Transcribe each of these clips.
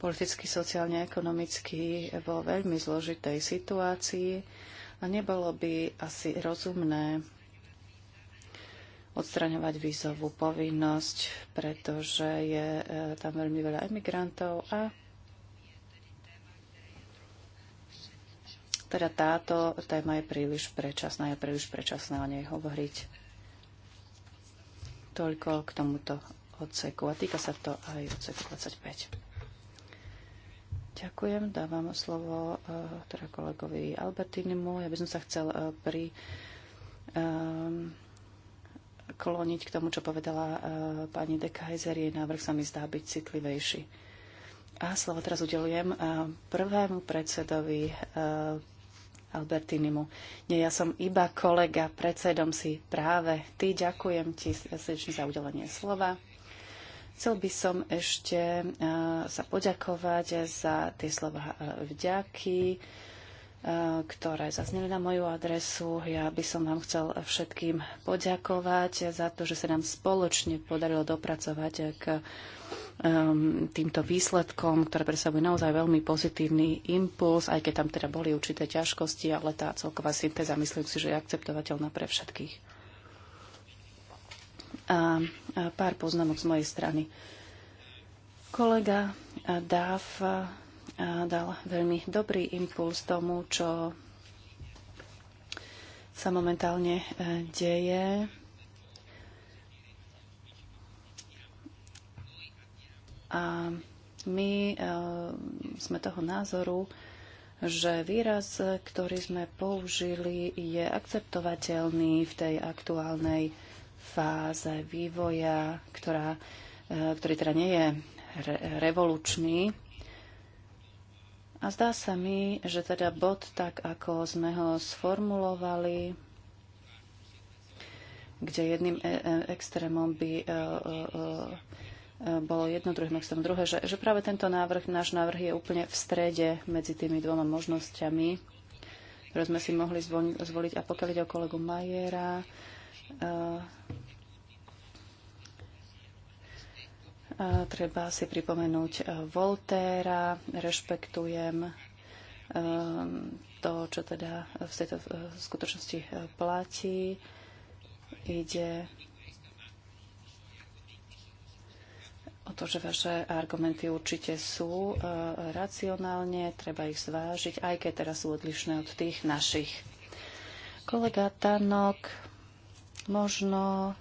politicky, sociálne, ekonomicky vo veľmi zložitej situácii a nebolo by asi rozumné odstraňovať vízovú povinnosť, pretože je e, tam veľmi veľa emigrantov a teda táto téma je príliš predčasná, je príliš predčasná o nej hovoriť. Toľko k tomuto odseku a týka sa to aj odseku 25. Ďakujem. Dávam slovo eh, teda kolegovi Albertinimu. Ja by som sa chcel eh, pri um, kloniť k tomu, čo povedala uh, pani de Kaiser. Jej návrh sa mi zdá byť citlivejší. A slovo teraz udelujem uh, prvému predsedovi uh, Albertinimu. Nie, ja som iba kolega, predsedom si práve. Ty ďakujem ti srdečne za udelenie slova. Chcel by som ešte eh, sa poďakovať za tie slova eh, vďaky, eh, ktoré zazneli na moju adresu. Ja by som vám chcel všetkým poďakovať za to, že sa nám spoločne podarilo dopracovať k ehm, týmto výsledkom, ktoré predstavujú naozaj veľmi pozitívny impuls, aj keď tam teda boli určité ťažkosti, ale tá celková syntéza myslím si, že je akceptovateľná pre všetkých a pár poznámok z mojej strany. Kolega Dáv dal veľmi dobrý impuls tomu, čo sa momentálne e, deje. A my e, sme toho názoru, že výraz, ktorý sme použili, je akceptovateľný v tej aktuálnej fáze vývoja, ktorá, e, ktorý teda nie je re, revolučný. A zdá sa mi, že teda bod, tak ako sme ho sformulovali, kde jedným e, e, extrémom by bolo jedno, druhým extrémom druhé, že, že práve tento návrh, náš návrh je úplne v strede medzi tými dvoma možnosťami, ktoré sme si mohli zvoliť. A pokiaľ ide o kolegu Majera, a treba si pripomenúť e, Voltéra, rešpektujem e, to, čo teda v tejto e, skutočnosti platí. Ide o to, že vaše argumenty určite sú racionálne, treba ich zvážiť, aj keď teraz sú odlišné od tých našich. Kolega Tanok, Možno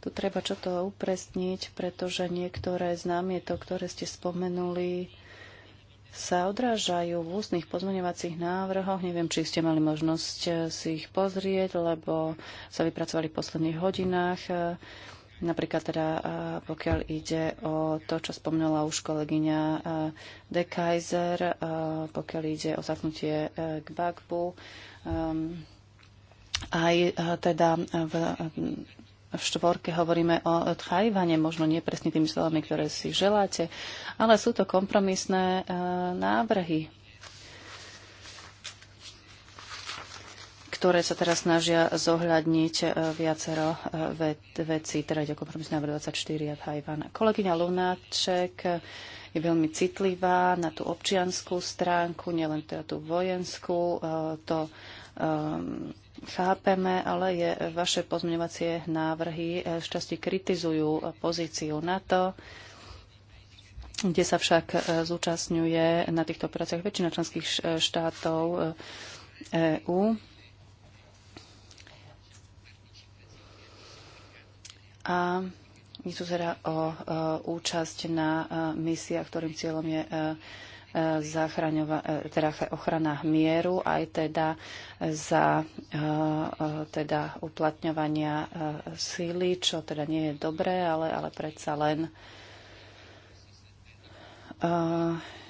tu treba čo to upresniť, pretože niektoré známie to, ktoré ste spomenuli, sa odrážajú v ústnych pozmeňovacích návrhoch. Neviem, či ste mali možnosť eh, si ich pozrieť, lebo sa vypracovali v posledných hodinách. Eh, napríklad teda, eh, pokiaľ ide o to, čo spomínala už kolegyňa De Kaiser, pokiaľ ide o zapnutie k Bagbu, ehm, aj e, teda e, v, e, v štvorke hovoríme o Tajvane, možno nie presne tými slovami, ktoré si želáte, ale sú to kompromisné návrhy, ktoré sa teraz snažia zohľadniť viacero vecí, teda ide o kompromis návrh 24 a Tajván. Kolegyňa Lunáček je veľmi citlivá na tú občianskú stránku, nielen teda tú vojenskú. To um, chápeme, ale je, vaše pozmeňovacie návrhy v e, časti kritizujú pozíciu NATO, kde sa však e, zúčastňuje na týchto operáciách väčšina členských e, štátov EÚ. A nie sú teda o účasť na misiách, ktorým cieľom je E, teda ochrana mieru, aj teda za e, e, teda uplatňovania síly, čo teda nie je dobré, ale, ale predsa len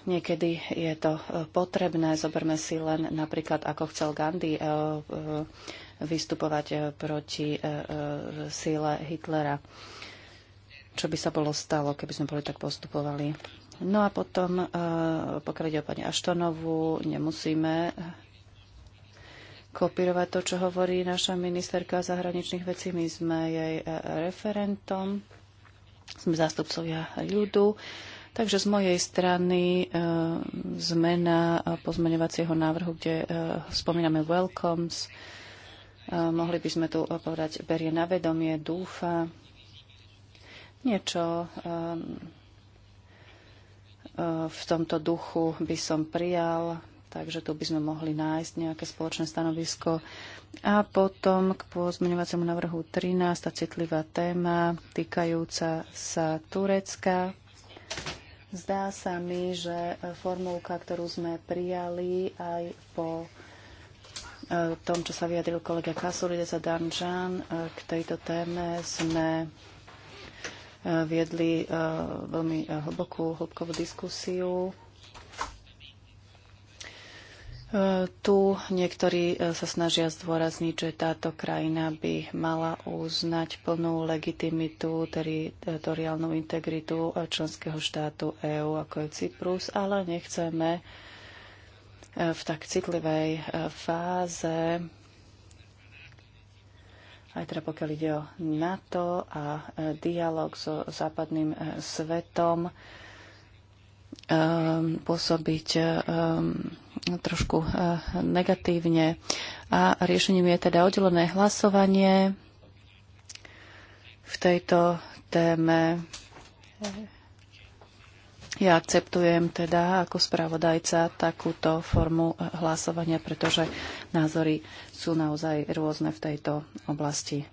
niekedy je to potrebné. Zoberme si len napríklad, ako chcel Gandhi vystupovať proti síle Hitlera. Čo by sa bolo stalo, keby sme boli tak postupovali? No a potom, eh, pokiaľ ide o pani Aštonovú, nemusíme kopírovať to, čo hovorí naša ministerka zahraničných vecí. My sme jej eh, referentom, sme zástupcovia ľudu. Takže z mojej strany eh, zmena pozmeňovacieho návrhu, kde spomíname welcomes, mohli by sme tu povedať berie na vedomie, dúfa, niečo v tomto duchu by som prijal, takže tu by sme mohli nájsť nejaké spoločné stanovisko. A potom k pozmeňovacemu návrhu 13, tá citlivá téma týkajúca sa Turecka. Zdá sa mi, že formulka, ktorú sme prijali aj po e, tom, čo sa vyjadril kolega Kasulides a Danžan, e, k tejto téme sme viedli e, veľmi e, hlbokú, hlbkovú diskusiu. E, tu niektorí sa snažia zdôrazniť, že táto krajina by mala uznať plnú legitimitu, teritoriálnu integritu členského štátu EÚ, ako je Cyprus, ale nechceme v tak citlivej fáze aj teda pokiaľ ide o NATO a e, dialog so západným e, svetom, e, pôsobiť trošku negatívne. A riešením je teda oddelené hlasovanie v tejto téme. Ja akceptujem teda ako spravodajca takúto formu eh, hlasovania, pretože názory sú naozaj rôzne v tejto oblasti.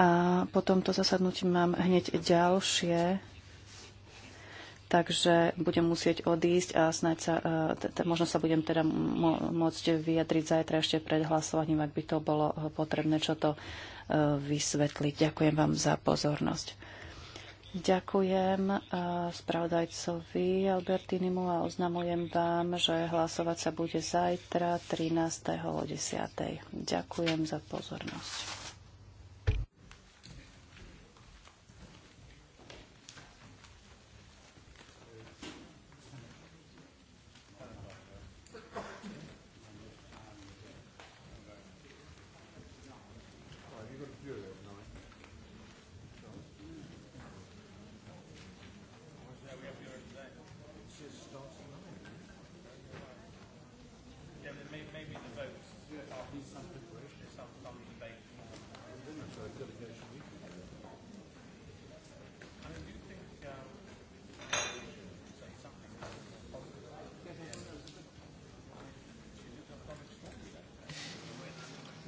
A po tomto zasadnutí mám hneď ďalšie, takže budem musieť odísť a snáď sa, eh, možno sa budem teda môcť vyjadriť zajtra ešte pred hlasovaním, ak by to bolo eh, potrebné, čo to vysvetliť. Ďakujem vám za pozornosť. Ďakujem eh, spravodajcovi Albertinimu a oznamujem vám, že hlasovať sa bude zajtra 13.10. o Ďakujem za pozornosť.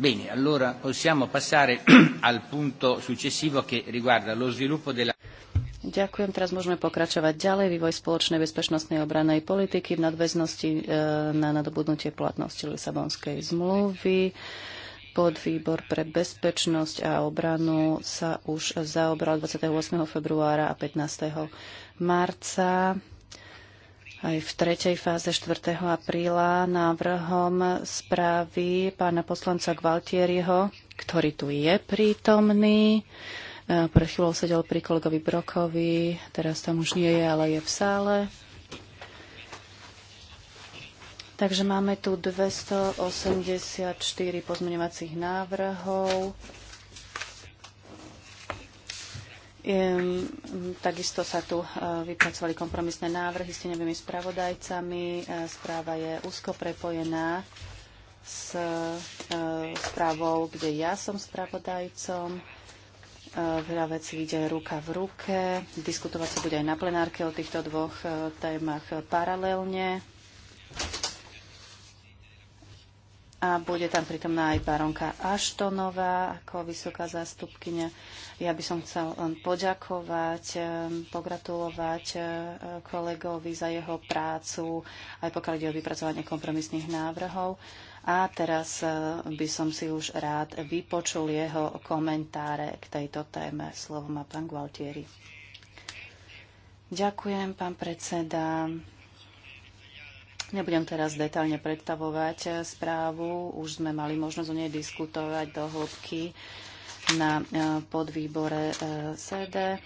Bene, allora possiamo passare al punto successivo che riguarda lo sviluppo della Ďakujem. Teraz môžeme pokračovať ďalej. Vývoj spoločnej bezpečnostnej obranej politiky v nadväznosti e, na nadobudnutie platnosti Lisabonskej zmluvy. Podvýbor pre bezpečnosť a obranu sa už zaobral 28. februára a 15. marca aj v tretej fáze 4. apríla návrhom správy pána poslanca Gvaltieriho, ktorý tu je prítomný. E, pred chvíľou sedel pri kolegovi Brokovi, teraz tam už nie je, ale je v sále. Takže máme tu 284 pozmeňovacích návrhov. Takisto sa tu e, vypracovali kompromisné návrhy s teňovými spravodajcami. E, správa je úzko prepojená s e, správou, kde ja som spravodajcom. Veľa vecí ide ruka v ruke. Diskutovať sa bude aj na plenárke o týchto dvoch témach paralelne. a bude tam pritomná aj baronka Aštonová ako vysoká zástupkynia. Ja by som chcel len poďakovať, e, pogratulovať e, kolegovi za jeho prácu, aj pokiaľ ide o vypracovanie kompromisných návrhov. A teraz e, by som si už rád vypočul jeho komentáre k tejto téme. Slovo má pán Gualtieri. Ďakujem, pán predseda. Nebudem teraz detálne predstavovať eh, správu, už sme mali možnosť o nej diskutovať do hĺbky na eh, podvýbore SED. Eh,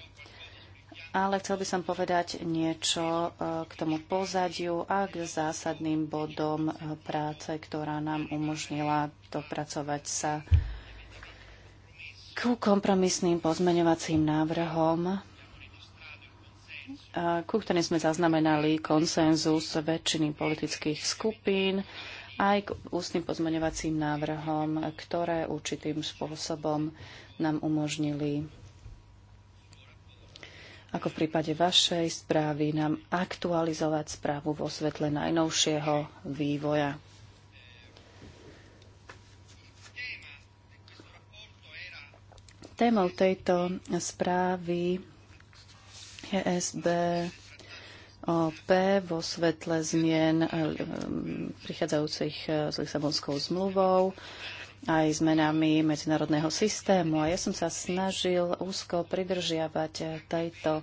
Ale chcel by som povedať niečo k tomu pozadiu a k zásadným bodom práce, ktorá nám umožnila dopracovať sa ku kompromisným pozmeňovacím návrhom, ku ktorým sme zaznamenali konsenzus väčšiny politických skupín aj k ústnym pozmeňovacím návrhom, ktoré určitým spôsobom nám umožnili ako v prípade vašej správy, nám aktualizovať správu vo svetle najnovšieho vývoja. Témou tejto správy ESB OP vo svetle zmien eh, eh, prichádzajúcich eh, s Lisabonskou zmluvou aj zmenami medzinárodného systému. A ja som sa snažil úzko pridržiavať tejto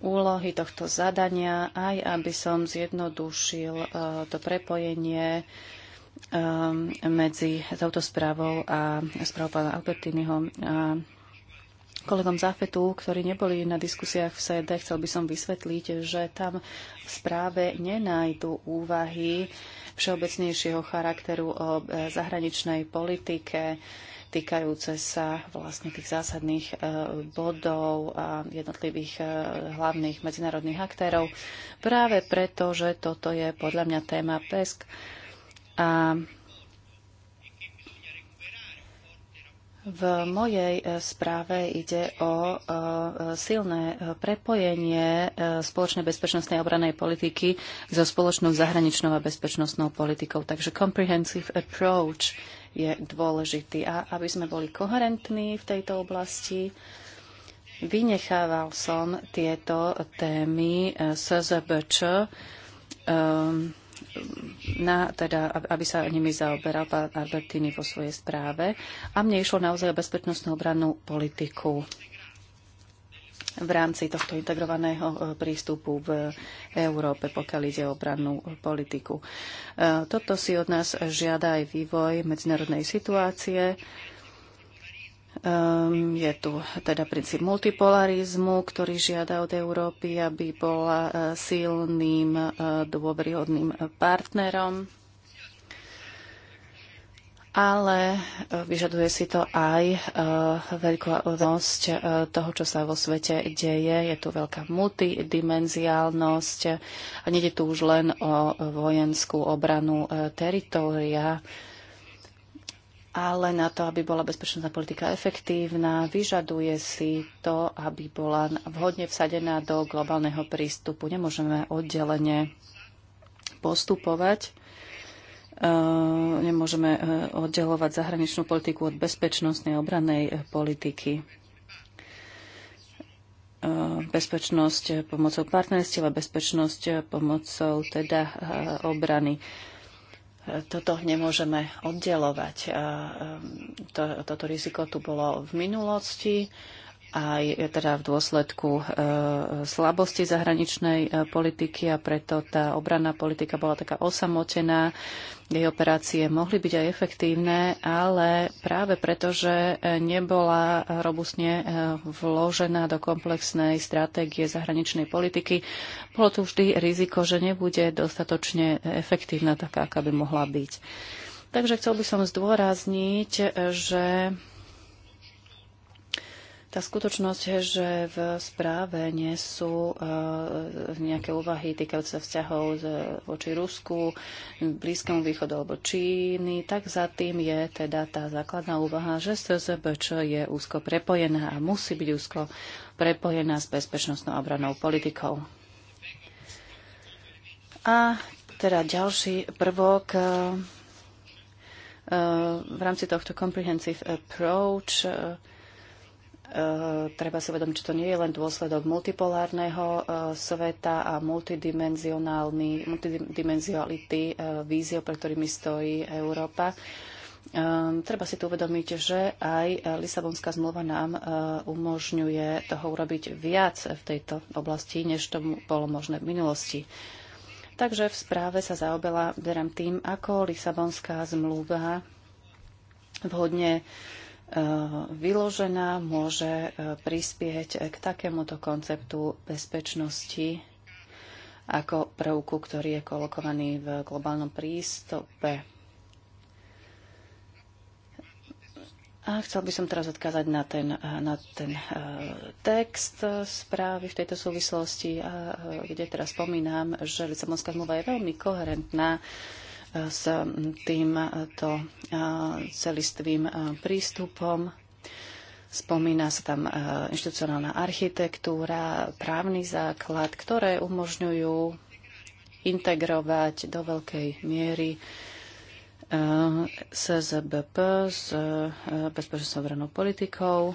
úlohy, tohto zadania, aj aby som zjednodušil to prepojenie medzi touto správou a správou pána Albertiniho a kolegom Zafetu, ktorí neboli na diskusiách v SED, chcel by som vysvetliť, že tam v správe nenájdu úvahy všeobecnejšieho charakteru o e, zahraničnej politike týkajúce sa vlastne tých zásadných e, bodov a jednotlivých e, hlavných medzinárodných aktérov. Práve preto, že toto je podľa mňa téma PESK a V mojej e, správe ide o e, silné prepojenie e, spoločnej bezpečnostnej obranej politiky so spoločnou zahraničnou a bezpečnostnou politikou. Takže comprehensive approach je dôležitý. A aby sme boli koherentní v tejto oblasti, vynechával som tieto témy SZBČ. Um, na, teda, aby sa nimi zaoberal pán Albertini vo svojej správe. A mne išlo naozaj o bezpečnostnú obrannú politiku v rámci tohto integrovaného e, prístupu v Európe, pokiaľ ide o obrannú politiku. E, toto si od nás žiada aj vývoj medzinárodnej situácie Um, je tu teda princíp multipolarizmu, ktorý žiada od Európy, aby bola eh, silným, eh, dôveryhodným partnerom. Ale eh, vyžaduje si to aj veľkosť toho, čo sa vo svete deje. Je tu veľká multidimenziálnosť a je tu už len o vojenskú obranu teritória ale na to, aby bola bezpečnostná politika efektívna, vyžaduje si to, aby bola vhodne vsadená do globálneho prístupu. Nemôžeme oddelenie postupovať, eh, nemôžeme eh, oddelovať zahraničnú politiku od bezpečnostnej obranej politiky. Eh, bezpečnosť pomocou partnerstiev a bezpečnosť pomocou teda obrany toto nemôžeme oddelovať. Um, to, toto riziko tu bolo v minulosti aj e, teda v dôsledku e, slabosti zahraničnej e, politiky a preto tá obranná politika bola taká osamotená. Jej operácie mohli byť aj efektívne, ale práve preto, že e, nebola robustne e, vložená do komplexnej stratégie zahraničnej politiky, bolo tu vždy riziko, že nebude dostatočne efektívna taká, aká by mohla byť. Takže chcel by som zdôrazniť, že tá skutočnosť, že v správe nie sú eh, nejaké úvahy týkajúce vzťahov voči Rusku, Blízkému východu alebo Číny, tak za tým je teda tá základná úvaha, že SZBČ je úzko prepojená a musí byť úzko prepojená s bezpečnostnou obranou politikou. A teda ďalší prvok eh, eh, v rámci tohto comprehensive approach Eh, treba si uvedomiť, že to nie je len dôsledok multipolárneho eh, sveta a multidimenzionality multidimenziality eh, víziev, pre ktorými stojí Európa. Ehm, treba si tu uvedomiť, že aj Lisabonská zmluva nám umožňuje toho urobiť viac v tejto oblasti, než tomu bolo možné v minulosti. Takže v správe sa berám tým, ako Lisabonská zmluva vhodne uh, Eh, vyložená, môže eh, prispieť k takémuto konceptu bezpečnosti ako prvku, ktorý je kolokovaný v globálnom prístupe. A chcel by som teraz odkázať na ten, eh, na ten text správy v tejto súvislosti, a, kde teraz spomínam, že Lisabonská zmluva je veľmi koherentná s týmto celistvým prístupom. Spomína sa tam inštitucionálna architektúra, právny základ, ktoré umožňujú integrovať do veľkej miery SZBP s bezpečnostnou obranou politikou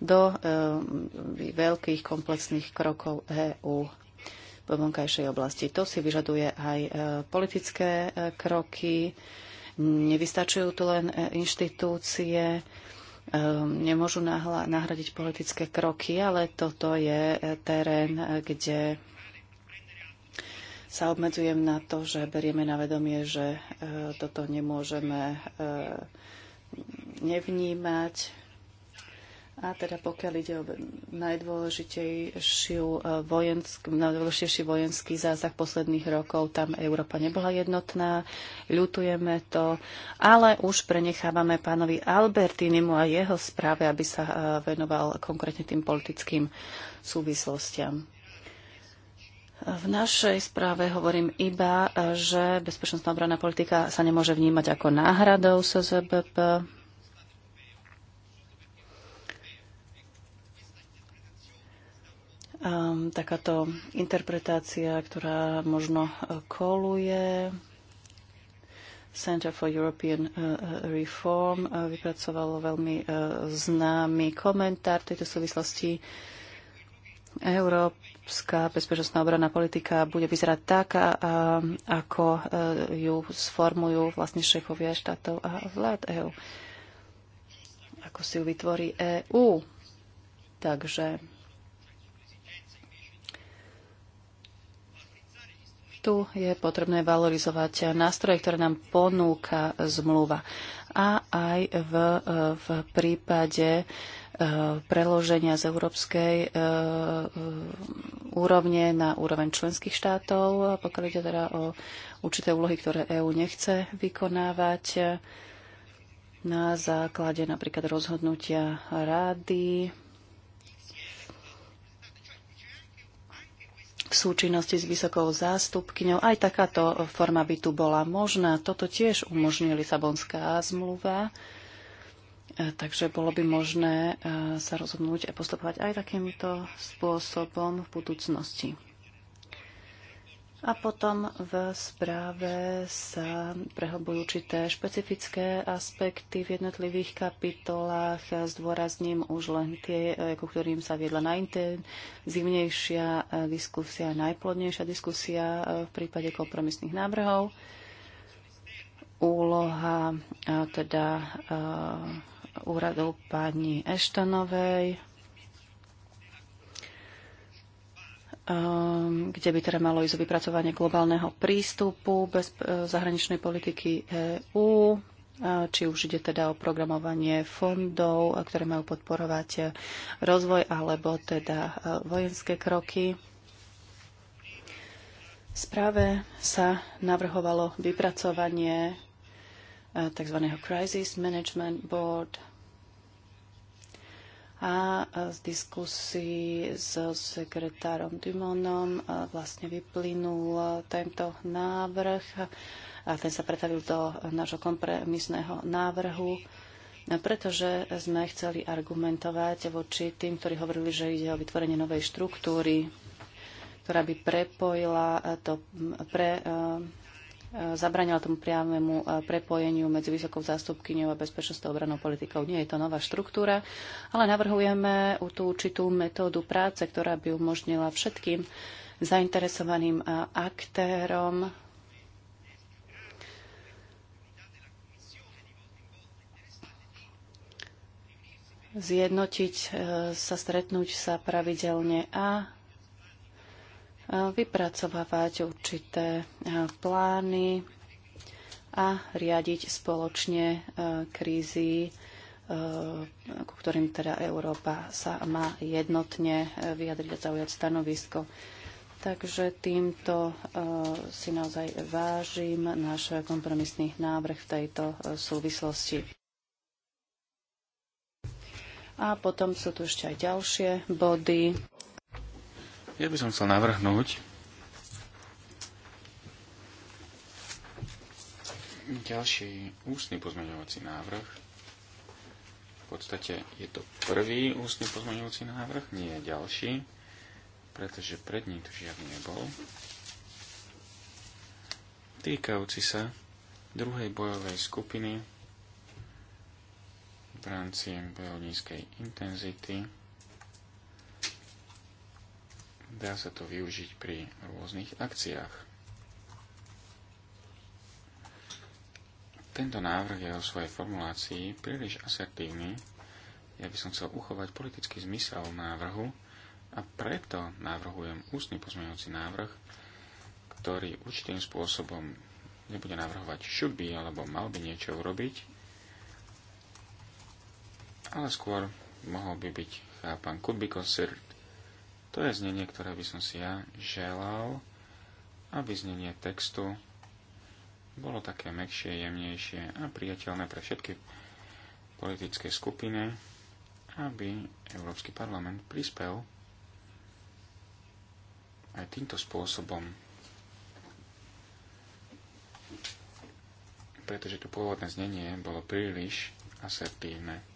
do veľkých komplexných krokov EÚ vo vonkajšej oblasti. To si vyžaduje aj e, politické e, kroky, nevystačujú tu len e, inštitúcie, nemôžu nahradiť politické kroky, ale toto je terén, kde sa obmedzujem na to, že berieme na vedomie, že toto nemôžeme nevnímať. A teda pokiaľ ide o najdôležitejšiu e, vojensk, najdôležitejší vojenský zásah posledných rokov, tam Európa nebola jednotná, ľutujeme to, ale už prenechávame pánovi Albertinimu a jeho správe, aby sa e, venoval konkrétne tým politickým súvislostiam. V našej správe hovorím iba, e, že bezpečnostná obranná politika sa nemôže vnímať ako náhradou SZBP, um, takáto interpretácia, ktorá možno e, koluje. Center for European e, e, Reform vypracovalo veľmi známy komentár v tejto súvislosti. Európska bezpečnostná obranná politika bude vyzerať tak, ako ju sformujú vlastne šéfovia štátov a vlád EU. Ako si ju vytvorí EU. Takže Tu je potrebné valorizovať nástroje, ktoré nám ponúka zmluva. A aj v, v prípade e, preloženia z európskej e, e, úrovne na úroveň členských štátov, pokiaľ ide teda o určité úlohy, ktoré EÚ nechce vykonávať na základe napríklad rozhodnutia rády v súčinnosti s vysokou zástupkyňou. Aj takáto forma by tu bola možná. Toto tiež umožňuje Lisabonská zmluva, e, takže bolo by možné e, sa rozhodnúť a postupovať aj takýmto spôsobom v budúcnosti. A potom v správe sa prehobujú určité špecifické aspekty v jednotlivých kapitolách. Zdôrazním už len tie, eh, ku ktorým sa viedla najintenzívnejšia eh, diskusia, najplodnejšia diskusia eh, v prípade kompromisných návrhov. Úloha teda úradov pani Eštanovej, Ehm, kde by teda malo ísť o vypracovanie globálneho prístupu bez e, zahraničnej politiky EÚ, e, či už ide teda o programovanie fondov, e, ktoré majú podporovať rozvoj, alebo teda vojenské kroky. V správe sa navrhovalo vypracovanie tzv. Crisis Management Board – a z diskusí so sekretárom Dumonom vlastne vyplynul tento návrh a ten sa pretavil do nášho kompromisného návrhu pretože sme chceli argumentovať voči tým, ktorí hovorili, že ide o vytvorenie novej štruktúry, ktorá by prepojila to pre E, zabranila tomu priamému e, prepojeniu medzi vysokou zástupkyňou a bezpečnosťou obranou politikou. Nie je to nová štruktúra, ale navrhujeme tú určitú metódu práce, ktorá by umožnila všetkým zainteresovaným aktérom zjednotiť e, sa, stretnúť sa pravidelne a vypracovávať určité e, plány a riadiť spoločne e, krízy, e, ku ktorým teda Európa sa má jednotne vyjadriť a zaujať stanovisko. Takže týmto si naozaj vážim náš kompromisný návrh v tejto súvislosti. A potom sú tu ešte aj ďalšie body. Ja by som chcel navrhnúť ďalší ústny pozmeňovací návrh. V podstate je to prvý ústny pozmeňovací návrh, nie je ďalší, pretože pred ním to žiadny nebol. Týkajúci sa druhej bojovej skupiny v rámci bojovníckej intenzity dá sa to využiť pri rôznych akciách. Tento návrh je o svojej formulácii príliš asertívny. Ja by som chcel uchovať politický zmysel návrhu a preto navrhujem ústny pozmeňujúci návrh, ktorý určitým spôsobom nebude navrhovať should be alebo mal by niečo urobiť, ale skôr mohol by byť chápan could be considered to je znenie, ktoré by som si ja želal, aby znenie textu bolo také mekšie, jemnejšie a priateľné pre všetky politické skupiny, aby Európsky parlament prispel aj týmto spôsobom. Pretože to pôvodné znenie bolo príliš asertívne.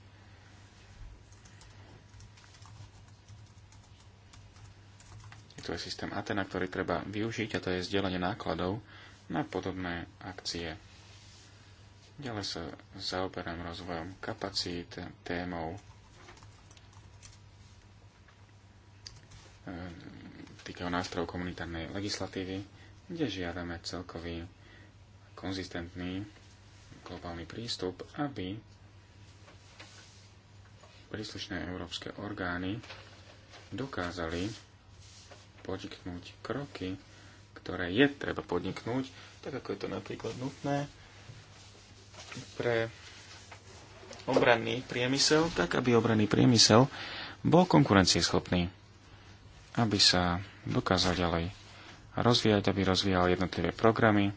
to je systém Atena, ktorý treba využiť a to je zdieľanie nákladov na podobné akcie. Ďalej sa zaoberám rozvojom kapacít, témou e, týkajú nástrojov komunitárnej legislatívy, kde žiadame celkový konzistentný globálny prístup, aby príslušné európske orgány dokázali podniknúť kroky, ktoré je treba podniknúť, tak ako je to napríklad nutné pre obranný priemysel, tak aby obranný priemysel bol konkurencieschopný, aby sa dokázal ďalej rozvíjať, aby rozvíjal jednotlivé programy,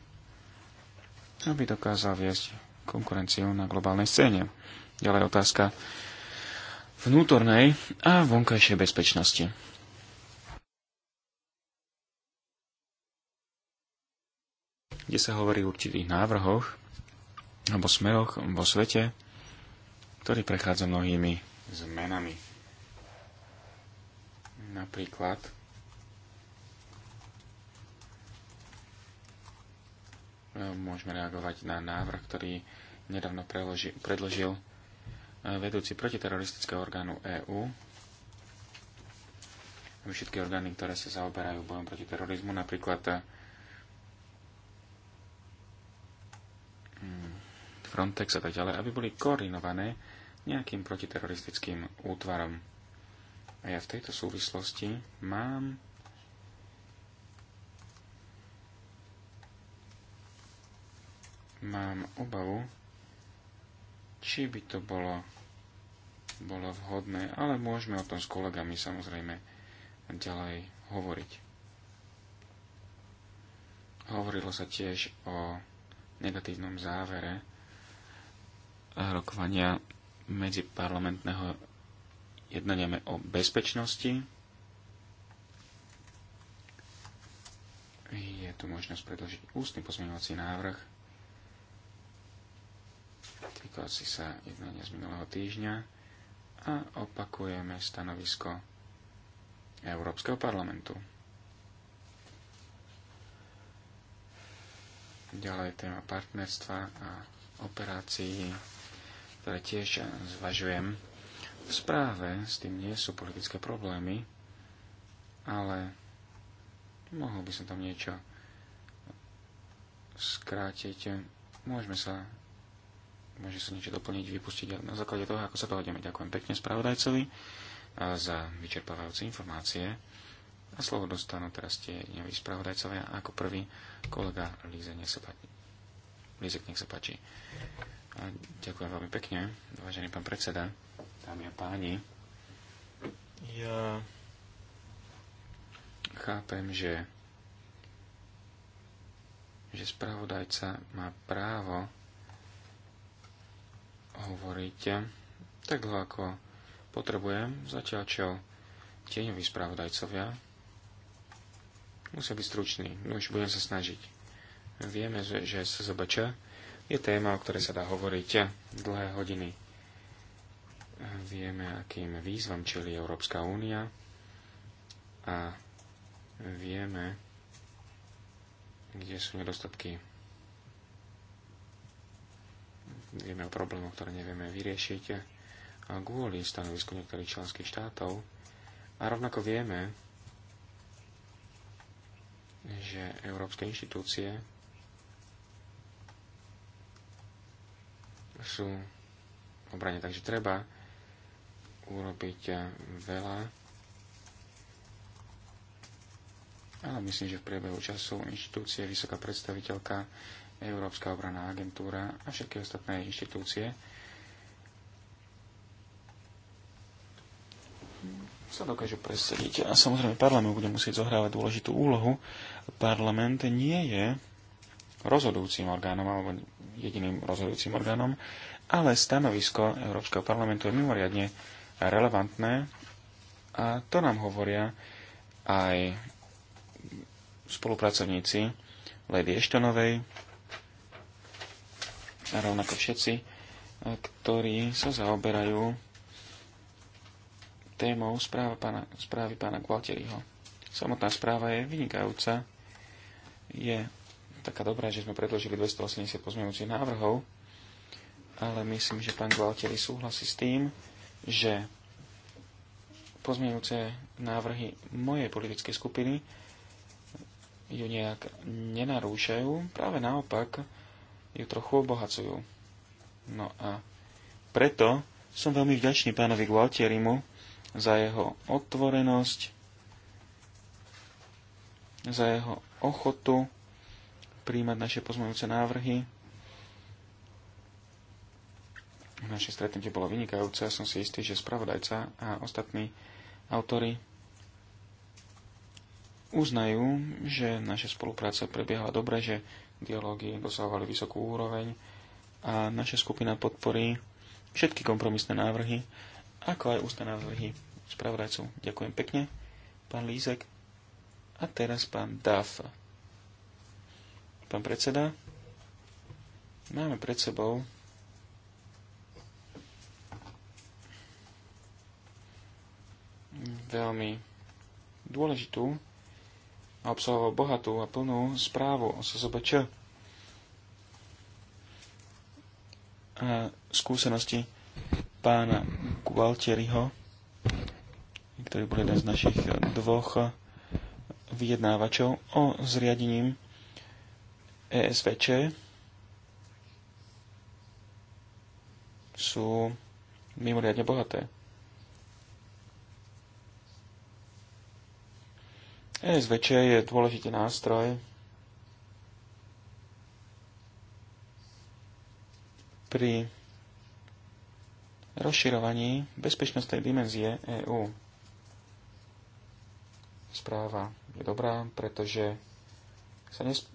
aby dokázal viesť konkurenciu na globálnej scéne. Ďalej otázka vnútornej a vonkajšej bezpečnosti. kde sa hovorí o určitých návrhoch alebo smeroch vo svete, ktorý prechádza mnohými zmenami. Napríklad môžeme reagovať na návrh, ktorý nedávno preloži, predložil eh, vedúci protiteroristického orgánu EÚ. Všetky orgány, ktoré sa zaoberajú bojom proti terorizmu, napríklad eh, Frontex a tak ďalej, aby boli koordinované nejakým protiteroristickým útvarom. A ja v tejto súvislosti mám mám obavu, či by to bolo, bolo vhodné, ale môžeme o tom s kolegami samozrejme ďalej hovoriť. Hovorilo sa tiež o negatívnom závere rokovania medziparlamentného jednania o bezpečnosti. Je tu možnosť predložiť ústny pozmeňovací návrh týkajúci sa jednania z minulého týždňa a opakujeme stanovisko Európskeho parlamentu. Ďalej téma partnerstva a operácií ktoré tiež zvažujem. V správe s tým nie sú politické problémy, ale mohol by som tam niečo skrátiť. Môžeme sa môže sa niečo doplniť, vypustiť na základe toho, ako sa dohodneme. Ďakujem pekne spravodajcovi za vyčerpávajúce informácie. A slovo dostanú teraz tie noví spravodajcovia ako prvý kolega Líze, nech sa páči. Lízek, nech sa páči. Ďakujem veľmi pekne, vážený pán predseda, dámy a páni. Ja chápem, že, že spravodajca má právo hovoriť tak dlho, ako potrebujem, zatiaľ čo tieňoví spravodajcovia musia byť struční. No už budem sa snažiť. Vieme, že SZBČ je téma, o ktorej sa dá hovoriť dlhé hodiny. Vieme, akým výzvam čili Európska únia a vieme, kde sú nedostatky. Vieme o problémoch, ktoré nevieme vyriešiť a kvôli stanovisku niektorých členských štátov. A rovnako vieme, že európske inštitúcie sú v obrane. Takže treba urobiť eh, veľa. Ale myslím, že v priebehu času inštitúcie, vysoká predstaviteľka, Európska obranná agentúra a všetky ostatné inštitúcie sa dokážu presediť. A samozrejme parlament bude musieť zohrávať dôležitú úlohu. Parlament nie je rozhodujúcim orgánom alebo jediným rozhodujúcim orgánom, ale stanovisko Európskeho parlamentu je mimoriadne relevantné a to nám hovoria aj spolupracovníci Lady Eštonovej a rovnako všetci, ktorí sa zaoberajú témou správa pána, správy pána Gualtieriho. Samotná správa je vynikajúca, je taká dobrá, že sme predložili 280 pozmeňujúcich návrhov, ale myslím, že pán Gualtieri súhlasí s tým, že pozmeňujúce návrhy mojej politickej skupiny ju nejak nenarúšajú, práve naopak ju trochu obohacujú. No a preto som veľmi vďačný pánovi Gualtierimu za jeho otvorenosť, za jeho ochotu príjmať naše pozmeňujúce návrhy. Naše stretnutie bolo vynikajúce a som si istý, že spravodajca a ostatní autory uznajú, že naša spolupráca prebiehala dobre, že dialógy dosahovali vysokú úroveň a naša skupina podporí všetky kompromisné návrhy, ako aj ústne návrhy spravodajcov. Ďakujem pekne, pán Lízek a teraz pán Dáfa pán predseda. Máme pred sebou veľmi dôležitú a obsahovo bohatú a plnú správu o SZBČ a skúsenosti pána Gualtieriho, ktorý bol jeden z našich dvoch vyjednávačov o zriadením ESVČ sú mimoriadne bohaté. ESVČ je dôležitý nástroj pri rozširovaní bezpečnostnej dimenzie EÚ. Správa je dobrá, pretože sa nes-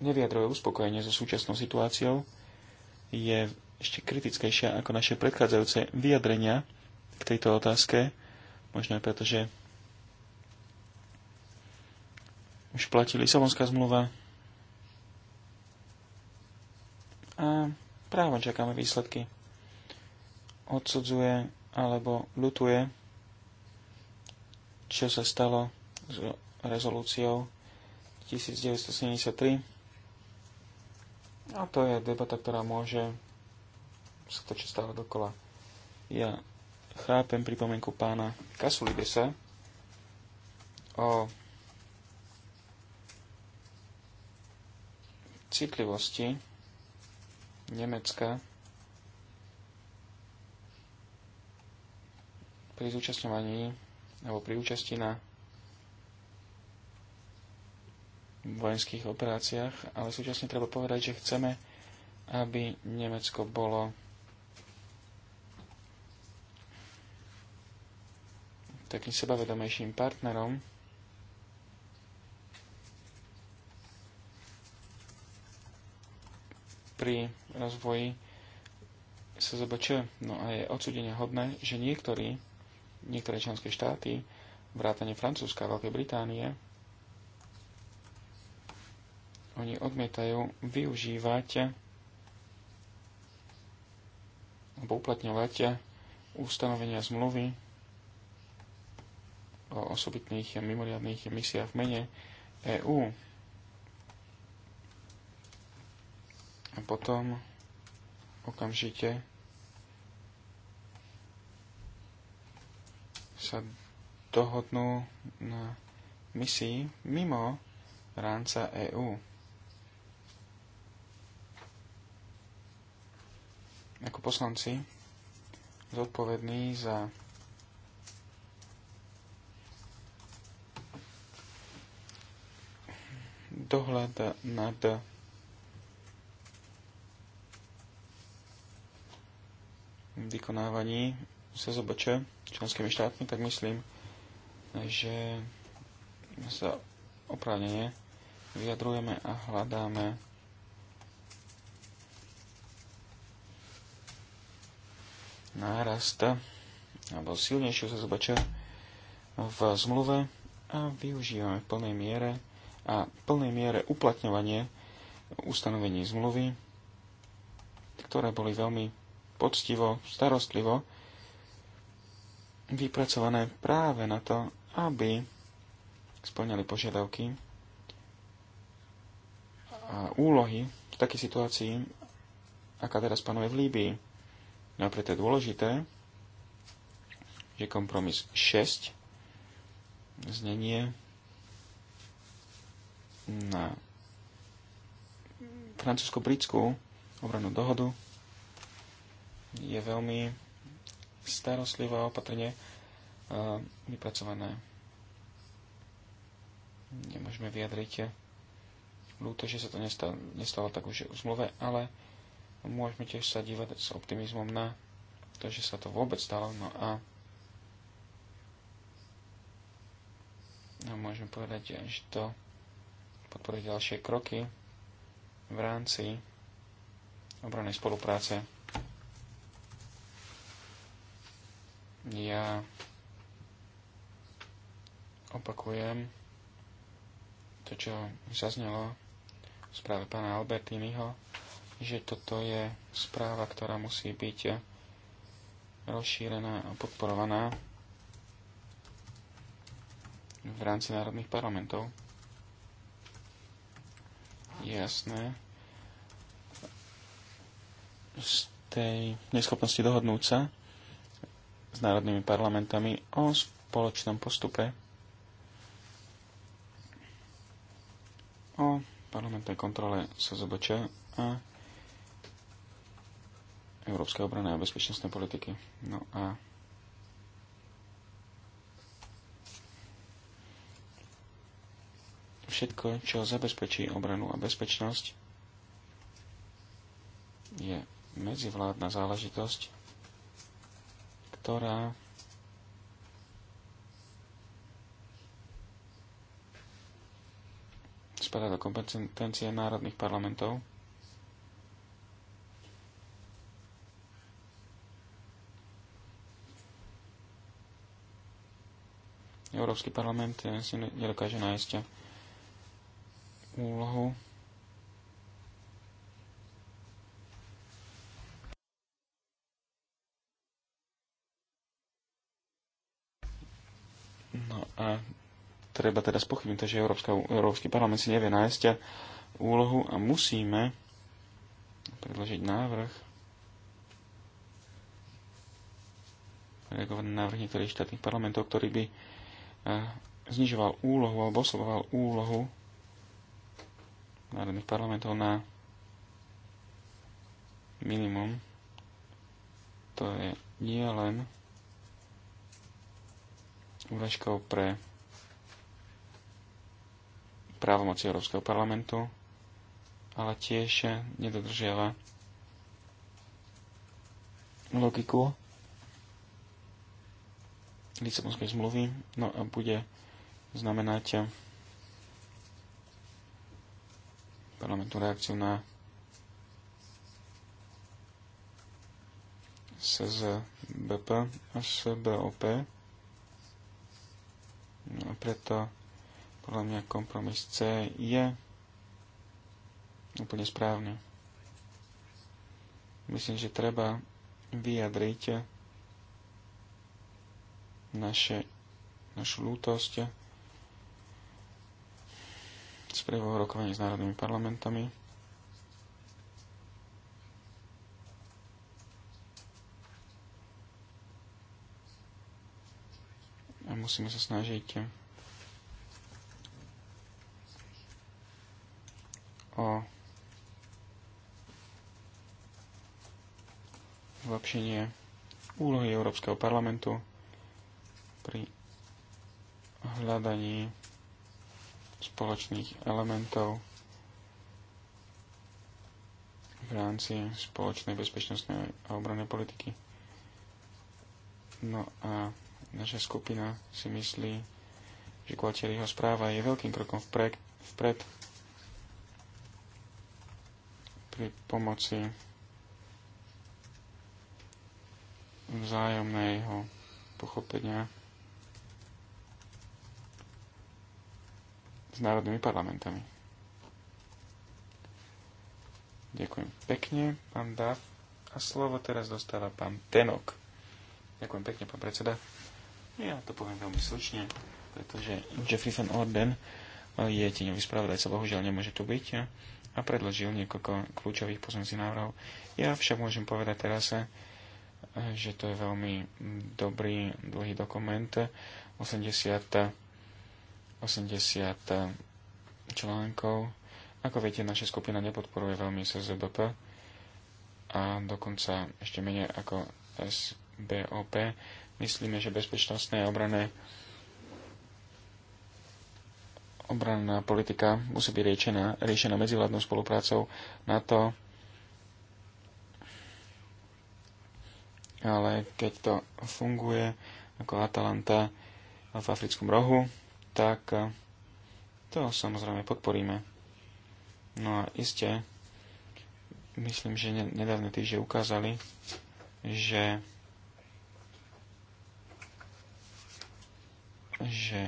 nevyjadruje uspokojenie so súčasnou situáciou, je ešte kritickejšia ako naše predchádzajúce vyjadrenia k tejto otázke, možno aj preto, že už platí Lisabonská zmluva a právo čakáme výsledky. Odsudzuje alebo ľutuje, čo sa stalo s rezolúciou 1973 a to je debata, ktorá môže sa točiť stále dokola. Ja chápem pripomienku pána Kasulidesa o citlivosti Nemecka pri zúčastňovaní alebo pri účasti na vojenských operáciách, ale súčasne treba povedať, že chceme, aby Nemecko bolo takým sebavedomejším partnerom, pri rozvoji SZBČ. No a je odsudenia hodné, že niektorí, niektoré členské štáty, vrátane Francúzska a Veľkej Británie, oni odmietajú využívať alebo uplatňovať ustanovenia zmluvy o osobitných mimoriadných misiách v mene EÚ. A potom okamžite sa dohodnú na misii mimo rámca EÚ. ako poslanci zodpovední za dohľad nad vykonávaní SZBČ členskými štátmi, tak myslím, že sa oprávnene vyjadrujeme a hľadáme nárasta alebo silnejšie zazbačia v zmluve a využívame v plnej miere a v plnej miere uplatňovanie ustanovení zmluvy, ktoré boli veľmi poctivo, starostlivo vypracované práve na to, aby splňali požiadavky a úlohy v takej situácii, aká teraz panuje v Líbii. No a preto je dôležité, že kompromis 6 znenie na francúzsko-britskú obranú dohodu je veľmi starostlivé a opatrne e, vypracované. Nemôžeme vyjadriť ľúto, že sa to nestalo, nestalo tak už v zmluve, ale môžeme tiež sa dívať s optimizmom na to, že sa to vôbec stalo. No a no môžeme povedať, že to podporuje ďalšie kroky v rámci obranej spolupráce. Ja opakujem to, čo zaznelo v správe pána Albertiniho že toto je správa, ktorá musí byť rozšírená a podporovaná v rámci národných parlamentov. Jasné. Z tej neschopnosti dohodnúť sa s národnými parlamentami o spoločnom postupe o parlamentnej kontrole zobočia a európskej obrany a bezpečnostnej politiky. No a všetko, čo zabezpečí obranu a bezpečnosť, je medzivládna záležitosť, ktorá spadá do kompetencie národných parlamentov Európsky parlament eh, si nedokáže nájsť úlohu. No a treba teda spochybniť, že Európska, Európsky parlament si nevie nájsť úlohu a musíme predložiť návrh reagovaný návrh niektorých štátnych parlamentov, ktorý by znižoval úlohu alebo oslovoval úlohu národných parlamentov na minimum. To je nie len úražkou pre právomoci Európskeho parlamentu, ale tiež nedodržiava logiku Lisabonskej zmluvy, no a bude znamenať parlamentnú reakciu na SZBP a SBOP. No a preto podľa mňa kompromis C je úplne správne. Myslím, že treba vyjadriť naše, našu lútosť z prvého rokovania s národnými parlamentami. A musíme sa snažiť o zlepšenie úlohy Európskeho parlamentu pri hľadaní spoločných elementov v rámci spoločnej bezpečnostnej a obrannej politiky. No a naša skupina si myslí, že Gualtieriho správa je veľkým krokom vpred, vpred pri pomoci vzájomného pochopenia s národnými parlamentami. Ďakujem pekne, pán Dav. A slovo teraz dostáva pán Tenok. Ďakujem pekne, pán predseda. Ja to poviem veľmi slušne, pretože Jeffrey van Orden je tieňový spravodajca, bohužiaľ nemôže tu byť a predložil niekoľko kľúčových pozemných návrhov. Ja však môžem povedať teraz, že to je veľmi dobrý, dlhý dokument, 80 80 eh, článkov. Ako viete, naša skupina nepodporuje veľmi SZBP a dokonca ešte menej ako SBOP. Myslíme, že bezpečnostné obrané obranná politika musí byť riešená, riešená medzivládnou spoluprácou NATO, ale keď to funguje ako Atalanta v africkom rohu, tak eh, to samozrejme podporíme. No a iste, myslím, že nedávne týždne ukázali, že že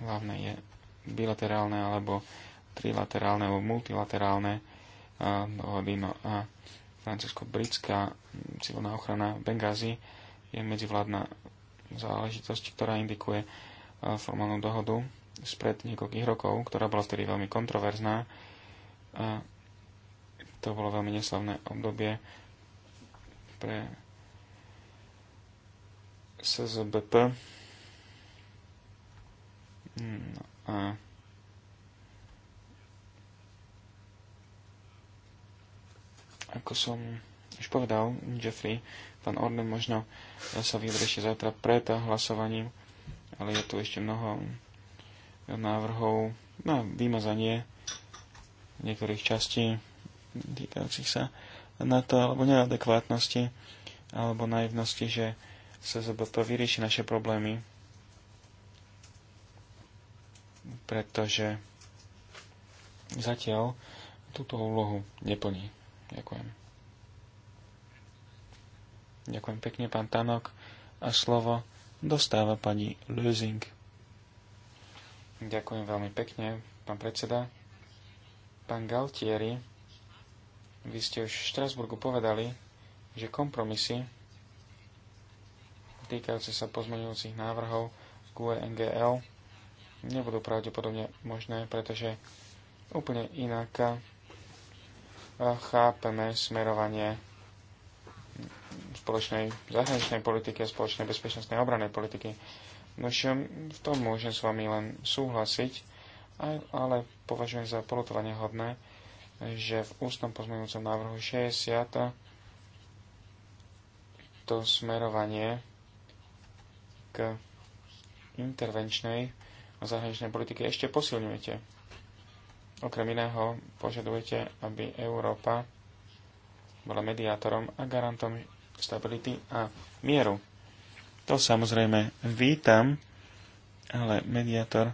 hlavné je bilaterálne alebo trilaterálne alebo multilaterálne eh, dohody. No a francúzsko-britská civilná ochrana v Bengázi je medzivládna záležitosť, ktorá indikuje e, formálnu dohodu spred niekoľkých rokov, ktorá bola vtedy veľmi kontroverzná. A e, to bolo veľmi neslavné obdobie pre SZBP. Mm, no a ako som už povedal, Jeffrey Pán Orlen možno sa vyjadri ešte zajtra pred hlasovaním, ale je tu ešte mnoho návrhov na vymazanie niektorých častí týkajúcich sa na to, alebo neadekvátnosti, alebo naivnosti, že sa to vyrieši naše problémy, pretože zatiaľ túto úlohu neplní. Ďakujem. Ďakujem pekne, pán Tanok. A slovo dostáva pani Lösing. Ďakujem veľmi pekne, pán predseda. Pán Galtieri, vy ste už v Štrasburgu povedali, že kompromisy týkajúce sa pozmeňujúcich návrhov QNGL e nebudú pravdepodobne možné, pretože úplne inak eh, chápeme smerovanie spoločnej zahraničnej politiky a spoločnej bezpečnostnej obranej politiky. No v tom môžem s vami len súhlasiť, ale považujem za polutovanie hodné, že v ústnom pozmeňujúcom návrhu 60 to smerovanie k intervenčnej a zahraničnej politike ešte posilňujete. Okrem iného požadujete, aby Európa bola mediátorom a garantom stability a mieru. To samozrejme vítam, ale mediátor,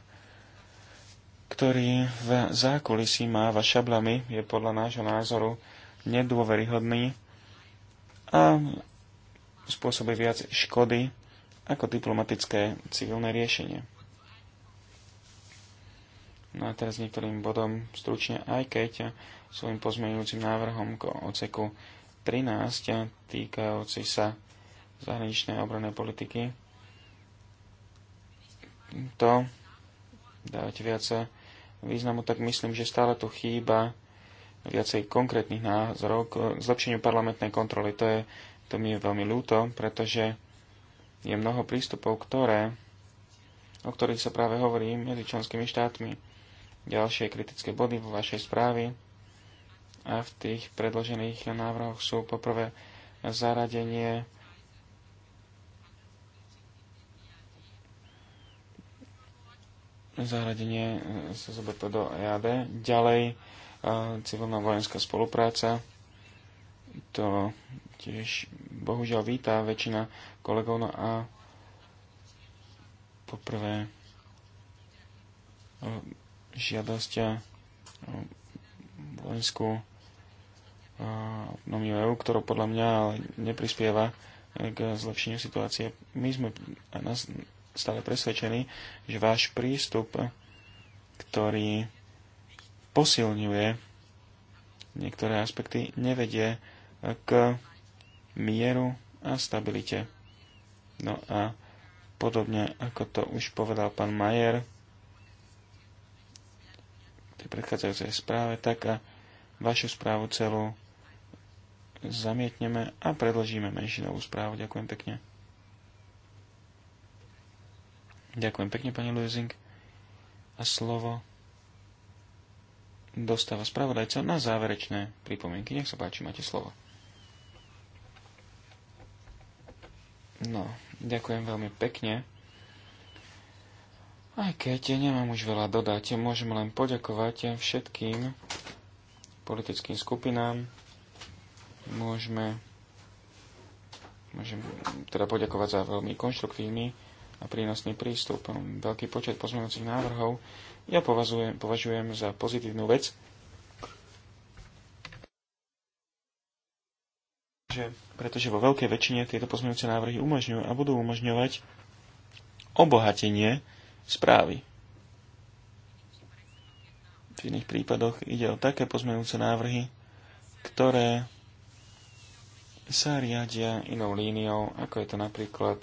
ktorý v zákulisí máva šablami, je podľa nášho názoru nedôveryhodný a spôsobí viac škody ako diplomatické civilné riešenie. No a teraz niektorým bodom stručne, aj keď svojim pozmeňujúcim návrhom k oceku 13 týkajúci sa zahraničnej obrannej politiky. To dávate viac významu, tak myslím, že stále tu chýba viacej konkrétnych názorov k zlepšeniu parlamentnej kontroly. To, je, to mi je veľmi ľúto, pretože je mnoho prístupov, ktoré, o ktorých sa práve hovorí medzi členskými štátmi. Ďalšie kritické body vo vašej správe a v tých predložených návrhoch sú poprvé zaradenie zaradenie zobrať do EAD, ďalej e, civilná vojenská spolupráca. To tiež bohužiaľ vítá väčšina kolegov. No a poprvé e, žiadosť e, uh, nomiu EU, ktorú podľa mňa neprispieva e, k zlepšeniu situácie. My sme stále presvedčení, že váš prístup, ktorý posilňuje niektoré aspekty, nevedie e, k mieru a stabilite. No a podobne ako to už povedal pán Majer, tej predchádzajúcej správe, tak a vašu správu celú zamietneme a predložíme menšinovú správu. Ďakujem pekne. Ďakujem pekne, pani Luizing. A slovo dostáva spravodajca na záverečné pripomienky. Nech sa páči, máte slovo. No, ďakujem veľmi pekne. Aj keď nemám už veľa dodať, môžem len poďakovať všetkým politickým skupinám. Môžeme, môžem teda poďakovať za veľmi konštruktívny a prínosný prístup. Veľký počet pozmeňujúcich návrhov ja považujem, považujem za pozitívnu vec, že, pretože vo veľkej väčšine tieto pozmeňujúce návrhy umožňujú a budú umožňovať obohatenie správy v iných prípadoch ide o také pozmenujúce návrhy, ktoré sa riadia inou líniou, ako je to napríklad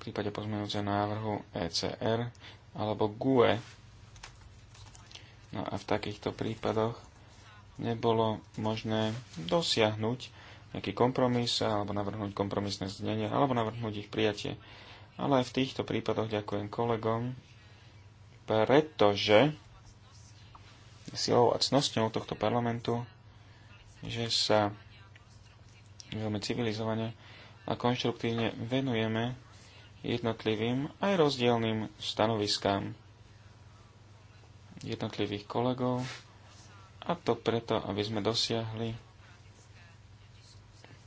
v prípade pozmenujúceho návrhu ECR alebo GUE. No a v takýchto prípadoch nebolo možné dosiahnuť nejaký kompromis alebo navrhnúť kompromisné znenie alebo navrhnúť ich prijatie. Ale aj v týchto prípadoch ďakujem kolegom, pretože silou a cnosťou tohto parlamentu, že sa veľmi civilizovane a konštruktívne venujeme jednotlivým aj rozdielným stanoviskám jednotlivých kolegov a to preto, aby sme dosiahli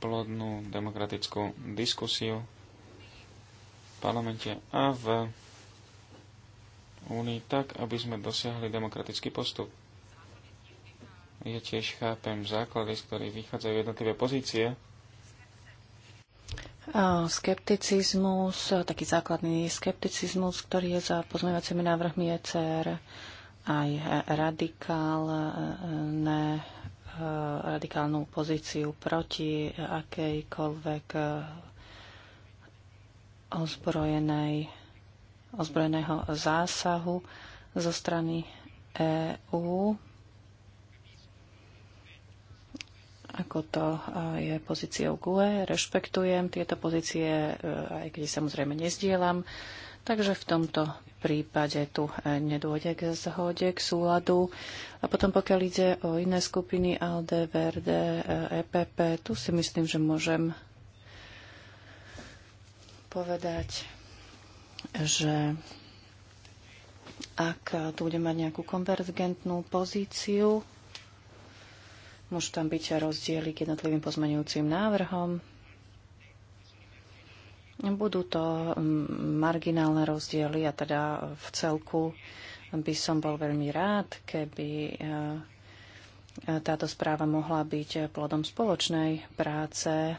plodnú demokratickú diskusiu v parlamente a v únii tak, aby sme dosiahli demokratický postup. Ja tiež chápem základy, z ktorých vychádzajú jednotlivé pozície. Skepticizmus, taký základný skepticizmus, ktorý je za pozmeňovacími návrhmi ECR, aj radikálne, radikálnu pozíciu proti akejkoľvek ozbrojenej ozbrojeného zásahu zo strany EÚ. Ako to e, je pozíciou GUE, rešpektujem tieto pozície, e, aj keď samozrejme nezdielam. Takže v tomto prípade tu e, nedôjde k zhode, k súladu. A potom pokiaľ ide o iné skupiny ALD, VRD, EPP, tu si myslím, že môžem povedať že ak tu bude mať nejakú konvergentnú pozíciu, môžu tam byť rozdiely k jednotlivým pozmenujúcim návrhom. Budú to mm, marginálne rozdiely a teda v celku by som bol veľmi rád, keby eh, táto správa mohla byť plodom spoločnej práce eh,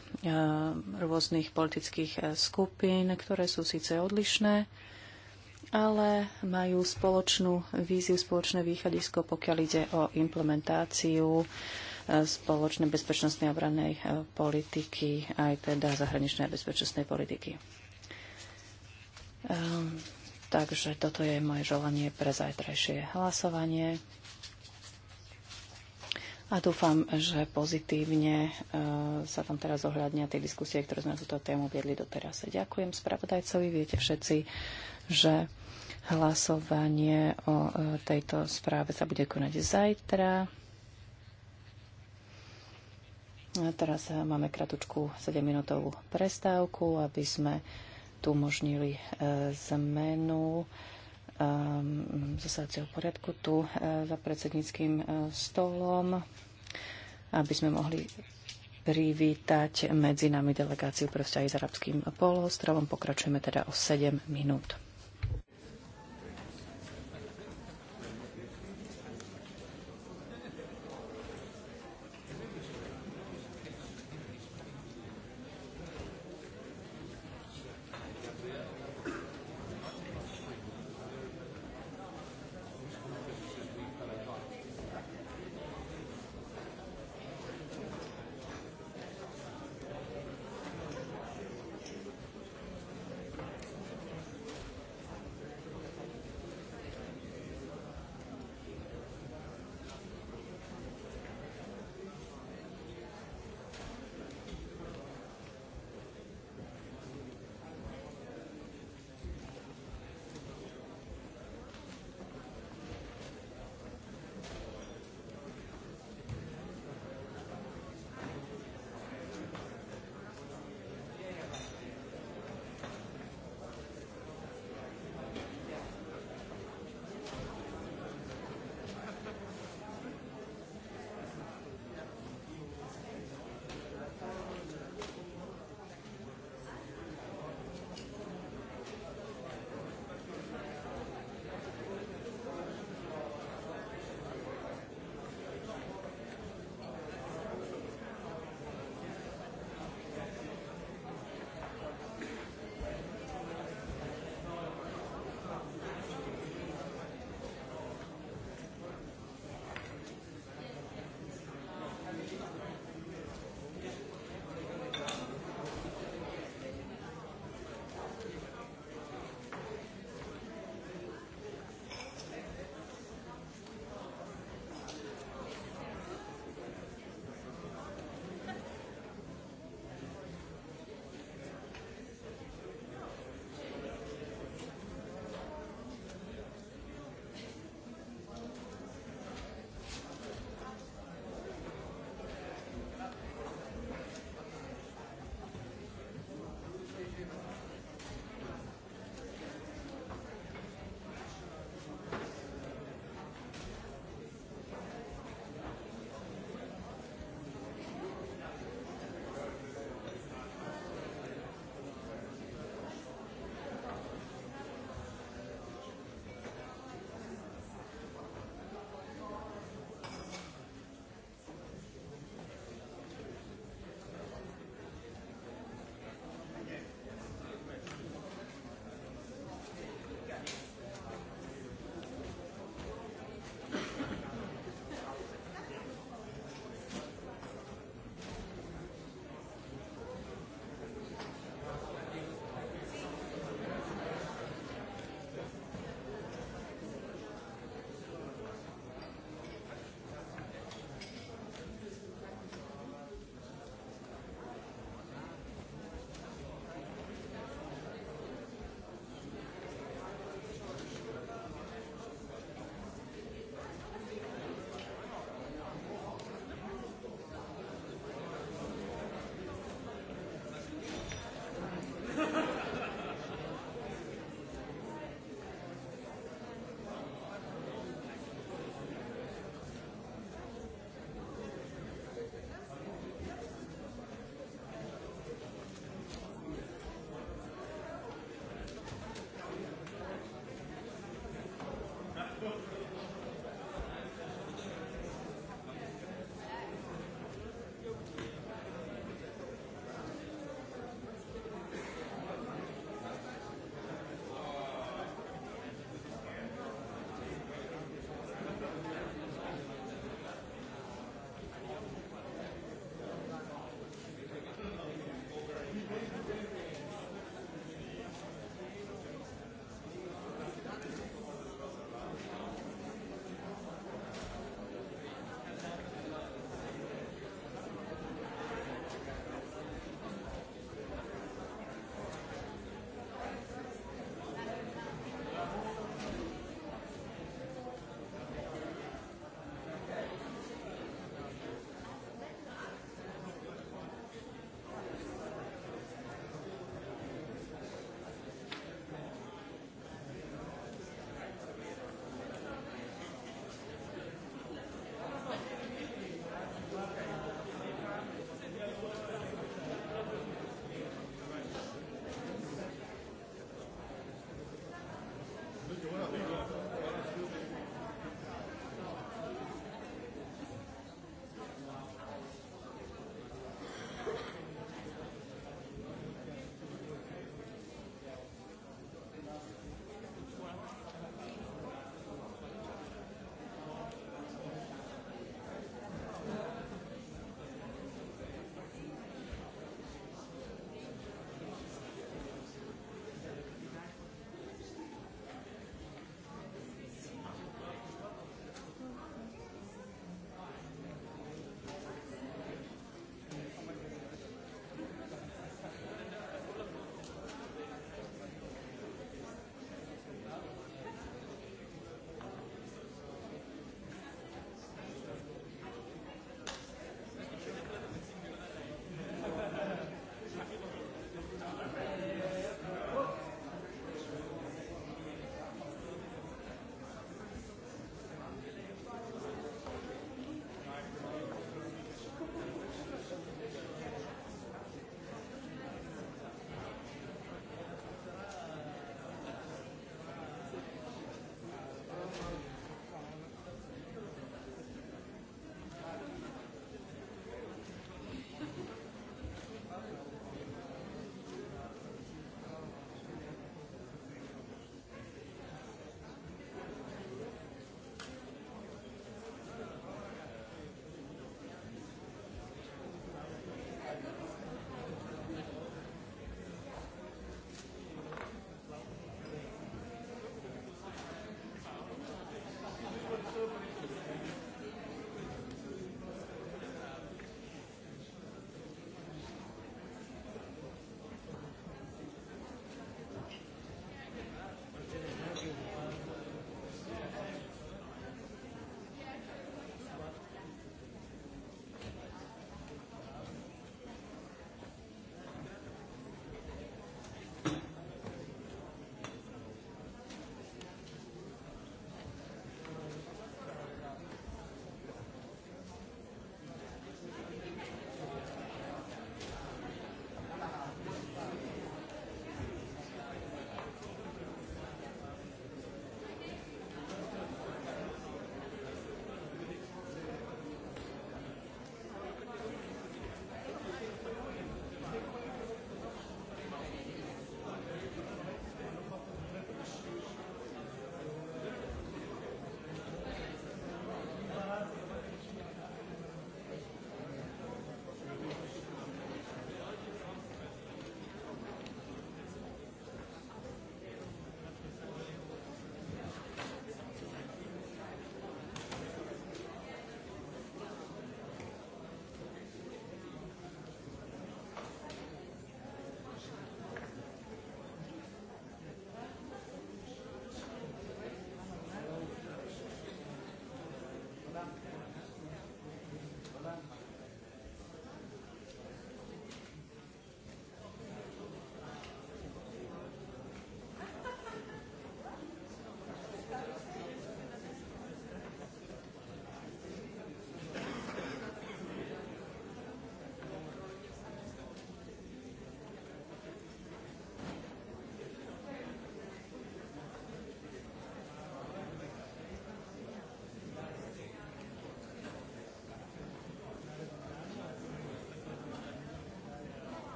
rôznych politických eh, skupín, ktoré sú síce odlišné, ale majú spoločnú víziu, spoločné východisko, pokiaľ ide o implementáciu eh, spoločnej bezpečnostnej a obrannej politiky, aj teda zahraničnej a bezpečnostnej politiky. Ehm, takže toto je moje želanie pre zajtrajšie hlasovanie. A dúfam, že pozitívne e, sa tam teraz ohľadnia tie diskusie, ktoré sme túto tému viedli doteraz. Ďakujem spravodajcovi. Viete všetci, že hlasovanie o e, tejto správe sa bude konať zajtra. A teraz e, máme kratučku 7-minútovú prestávku, aby sme tu umožnili zmenu zasadacieho ehm, poriadku tu eh, za predsedníckým eh, stolom, aby sme mohli privítať medzi nami delegáciu pre vzťahy s arabským polostrovom. Pokračujeme teda o 7 minút.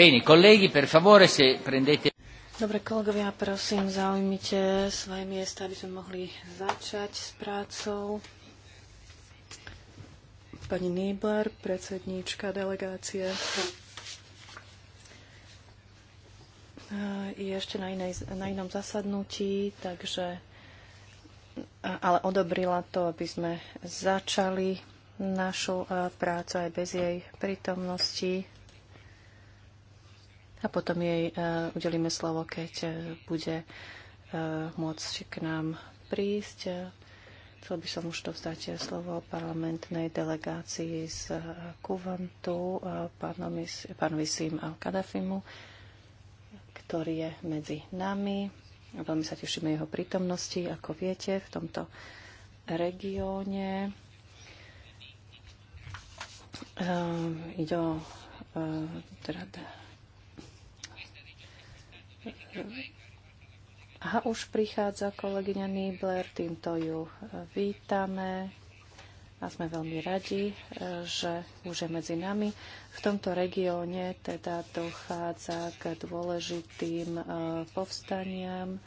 Bene, colleghi, per favore, se prendete... Dobre, kolegovia, prosím, zaujmite svoje miesta, aby sme mohli začať s prácou. Pani Nýbler, predsedníčka delegácie, je ešte na, inej, na inom zasadnutí, takže ale odobrila to, aby sme začali našu eh, prácu aj bez jej prítomnosti a potom jej e, udelíme slovo, keď e, bude e, môcť k nám prísť. Chcel by som už dostať slovo parlamentnej delegácii z Kuvantu, pánovi Sim al-Kadafimu, ktorý je medzi nami. Veľmi sa tešíme jeho prítomnosti, ako viete, v tomto regióne. Ide o teda a už prichádza kolegyňa Nibler, týmto ju e, vítame a sme veľmi radi, e, že už je medzi nami. V tomto regióne teda dochádza k dôležitým e, povstaniam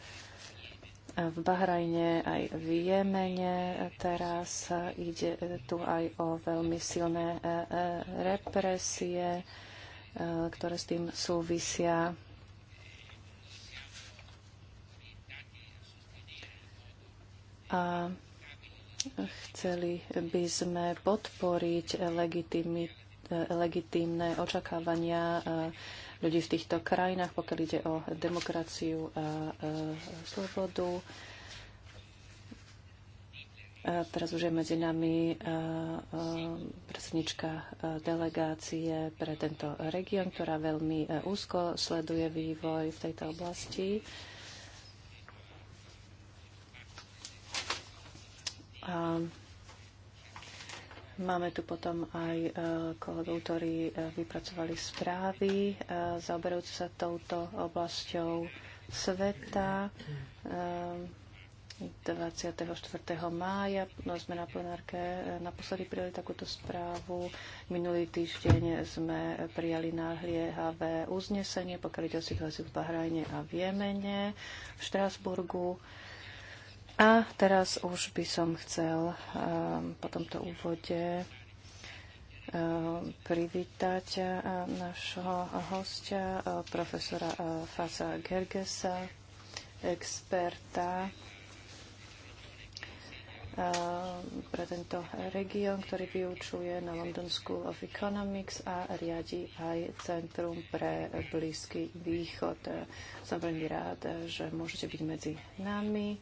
v Bahrajne aj v Jemene. Teraz ide tu aj o veľmi silné represie, ktoré s tým súvisia. a chceli by sme podporiť legitímne očakávania e, ľudí v týchto krajinách, pokiaľ ide o demokraciu a e, slobodu. Teraz už je medzi nami e, predsednička delegácie pre tento región, ktorá veľmi úzko sleduje vývoj v tejto oblasti. A Máme tu potom aj e, kolegov, ktorí e, vypracovali správy e, zaoberajúce sa touto oblasťou sveta. 24. mája sme na plenárke naposledy prijali takúto správu. Minulý týždeň sme prijali náhliehavé uznesenie, pokiaľ ide o situáciu v Bahrajne a v Jemene, v Štrásburgu. A teraz už by som chcel ehm, po tomto úvode ehm, privítať e, našho hostia, e, profesora e, Fasa Gergesa, experta ehm, pre tento región, ktorý vyučuje na London School of Economics a riadi aj Centrum pre Blízky východ. Som veľmi rád, že môžete byť medzi nami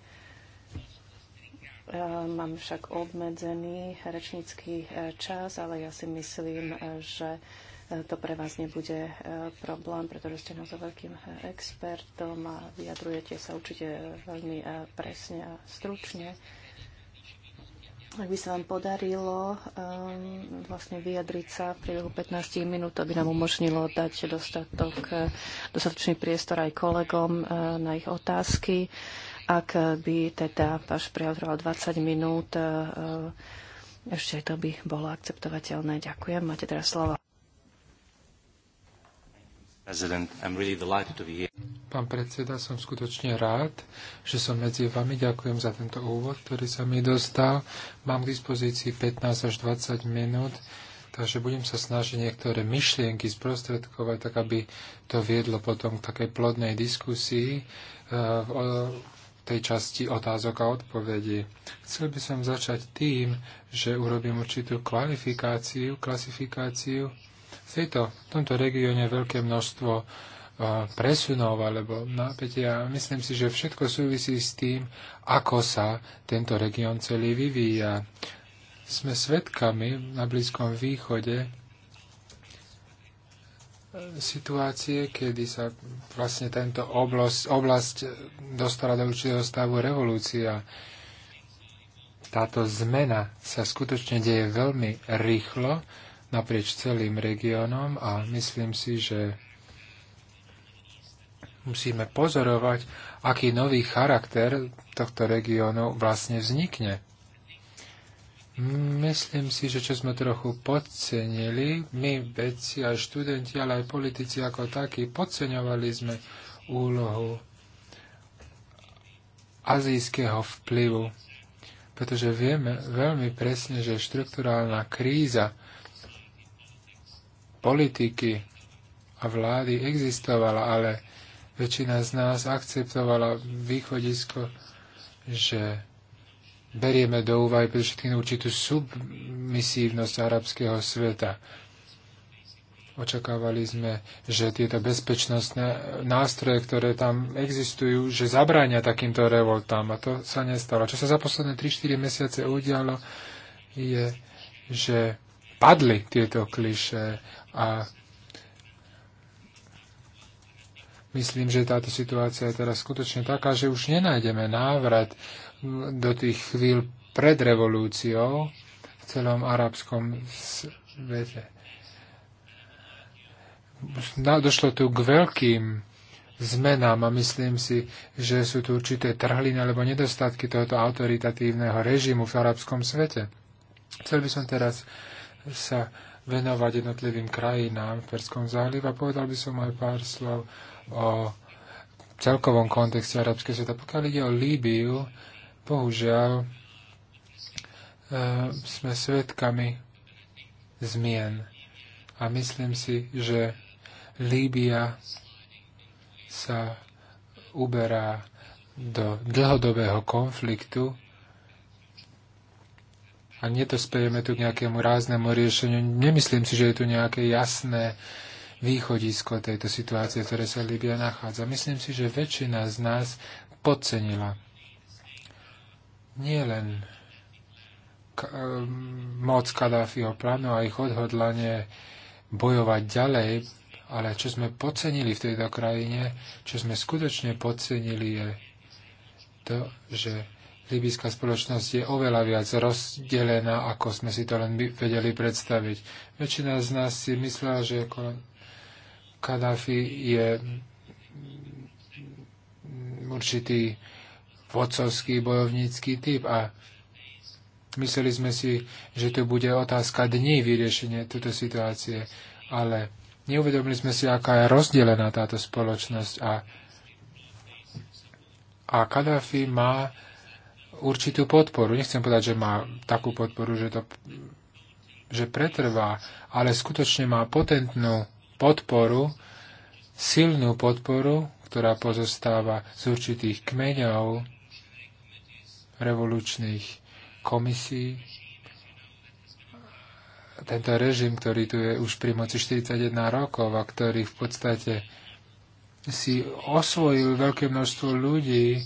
Ehm, mám však obmedzený rečnícky e, čas, ale ja si myslím, e, že e, to pre vás nebude problém, pretože ste naozaj veľkým expertom a vyjadrujete sa určite veľmi presne a stručne. Ak by sa vám podarilo um, vlastne vyjadriť sa v priebehu 15 minút, aby nám umožnilo dať dostatok, dostatočný priestor aj kolegom uh, na ich otázky. Uh, ak by teda váš prejav trval 20 minút, e, ešte to by bolo akceptovateľné. Ďakujem. Máte teraz slovo. Pán predseda, som skutočne rád, že som medzi vami. Ďakujem za tento úvod, ktorý sa mi dostal. Mám k dispozícii 15 až 20 minút, takže budem sa snažiť niektoré myšlienky sprostredkovať, tak aby to viedlo potom k takej plodnej diskusii e, tej časti otázok a odpovedí. Chcel by som začať tým, že urobím určitú kvalifikáciu, klasifikáciu. V, tejto, v tomto regióne veľké množstvo eh, presunov alebo napätia. Myslím si, že všetko súvisí s tým, ako sa tento región celý vyvíja. Sme svedkami na Blízkom východe situácie, kedy sa vlastne tento oblasť, oblasť dostala do určitého stavu revolúcia. Táto zmena sa skutočne deje veľmi rýchlo naprieč celým regiónom a myslím si, že musíme pozorovať, aký nový charakter tohto regiónu vlastne vznikne. Myslím si, že čo sme trochu podcenili, my vedci aj študenti, ale aj politici ako takí, podceňovali sme úlohu azijského vplyvu. Pretože vieme veľmi presne, že štruktúrálna kríza politiky a vlády existovala, ale väčšina z nás akceptovala východisko, že berieme do úvahy všetkým určitú submisívnosť arabského sveta. Očakávali sme, že tieto bezpečnostné nástroje, ktoré tam existujú, že zabránia takýmto revoltám. A to sa nestalo. Čo sa za posledné 3-4 mesiace udialo, je, že padli tieto kliše a myslím, že táto situácia je teraz skutočne taká, že už nenájdeme návrat do tých chvíľ pred revolúciou v celom arabskom svete. Došlo tu k veľkým zmenám a myslím si, že sú tu určité trhliny alebo nedostatky tohoto autoritatívneho režimu v arabskom svete. Chcel by som teraz sa venovať jednotlivým krajinám v Perskom zálive a povedal by som aj pár slov o celkovom kontexte arabského sveta. Pokiaľ ide o Líbiu, Bohužiaľ, e, sme svetkami zmien. A myslím si, že Líbia sa uberá do dlhodobého konfliktu a nedospejeme tu k nejakému ráznemu riešeniu. Nemyslím si, že je tu nejaké jasné východisko tejto situácie, v ktorej sa Líbia nachádza. Myslím si, že väčšina z nás podcenila nie len e, moc Kadáfiho plánu a ich odhodlanie bojovať ďalej, ale čo sme podcenili v tejto krajine, čo sme skutočne podcenili je to, že libyská spoločnosť je oveľa viac rozdelená, ako sme si to len vedeli predstaviť. Väčšina z nás si myslela, že Kadáfi je určitý vodcovský bojovnícky typ a mysleli sme si, že to bude otázka dní vyriešenie tejto situácie, ale neuvedomili sme si, aká je rozdelená táto spoločnosť a, a Kadhafi má určitú podporu. Nechcem povedať, že má takú podporu, že to že pretrvá, ale skutočne má potentnú podporu, silnú podporu, ktorá pozostáva z určitých kmeňov, revolučných komisí. Tento režim, ktorý tu je už pri moci 41 rokov a ktorý v podstate si osvojil veľké množstvo ľudí.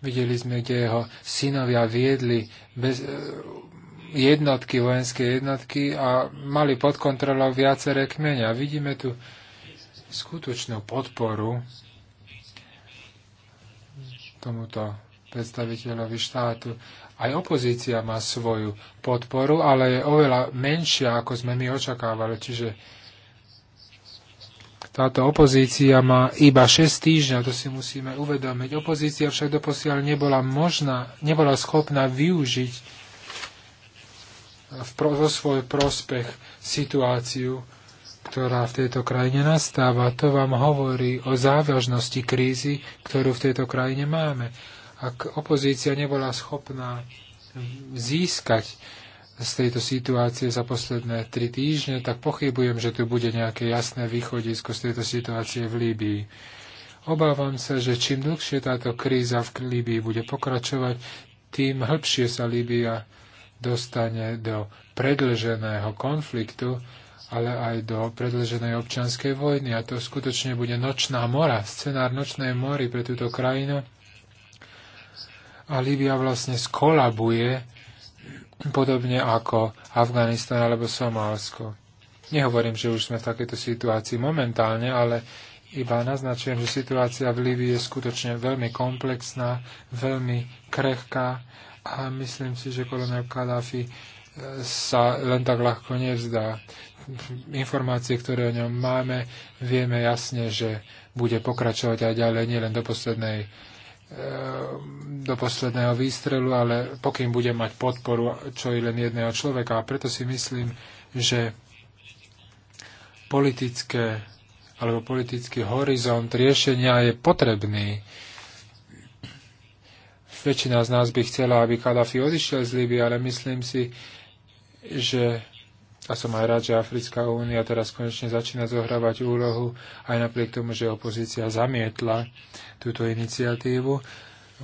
Videli sme, kde jeho synovia viedli bez, e, jednotky, vojenské jednotky a mali pod kontrolou viaceré kmeňa. Vidíme tu skutočnú podporu tomuto predstaviteľovi štátu. Aj opozícia má svoju podporu, ale je oveľa menšia, ako sme my očakávali. Čiže táto opozícia má iba 6 týždňov, to si musíme uvedomiť. Opozícia však doposiaľ nebola možná, nebola schopná využiť vo svoj prospech situáciu ktorá v tejto krajine nastáva. To vám hovorí o závažnosti krízy, ktorú v tejto krajine máme. Ak opozícia nebola schopná získať z tejto situácie za posledné tri týždne, tak pochybujem, že tu bude nejaké jasné východisko z tejto situácie v Líbii. Obávam sa, že čím dlhšie táto kríza v Líbii bude pokračovať, tým hĺbšie sa Líbia dostane do predlženého konfliktu, ale aj do predlženej občianskej vojny. A to skutočne bude nočná mora, scenár nočnej mory pre túto krajinu. A Líbia vlastne skolabuje, podobne ako Afganistan alebo Somálsko. Nehovorím, že už sme v takejto situácii momentálne, ale iba naznačujem, že situácia v Líbii je skutočne veľmi komplexná, veľmi krehká a myslím si, že kolonel Kadáfi eh, sa len tak ľahko nevzdá informácie, ktoré o ňom máme, vieme jasne, že bude pokračovať aj ďalej, nielen do poslednej eh, do posledného výstrelu, ale pokým bude mať podporu čo i len jedného človeka. A preto si myslím, že politické alebo politický horizont riešenia je potrebný. Väčšina z nás by chcela, aby Kadafi odišiel z Líby, ale myslím si, že a som aj rád, že Africká únia teraz konečne začína zohrávať úlohu, aj napriek tomu, že opozícia zamietla túto iniciatívu.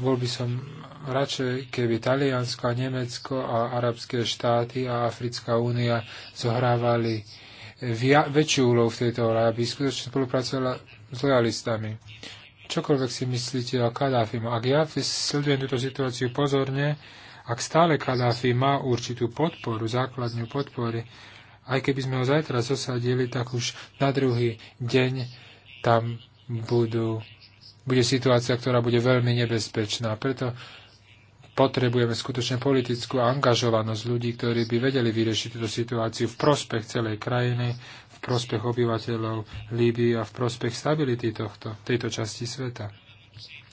Bol by som radšej, keby Taliansko a Nemecko a arabské štáty a Africká únia zohrávali via- väčšiu úlohu v tejto hore, aby skutočne spolupracovala s lojalistami. Čokoľvek si myslíte o Kadáfimu, ak ja sledujem túto situáciu pozorne, ak stále Kadáfi má určitú podporu, základňu podpory, aj keby sme ho zajtra zosadili, tak už na druhý deň tam budú, bude situácia, ktorá bude veľmi nebezpečná. Preto potrebujeme skutočne politickú angažovanosť ľudí, ktorí by vedeli vyriešiť túto situáciu v prospech celej krajiny, v prospech obyvateľov Líbii a v prospech stability tohto, tejto časti sveta.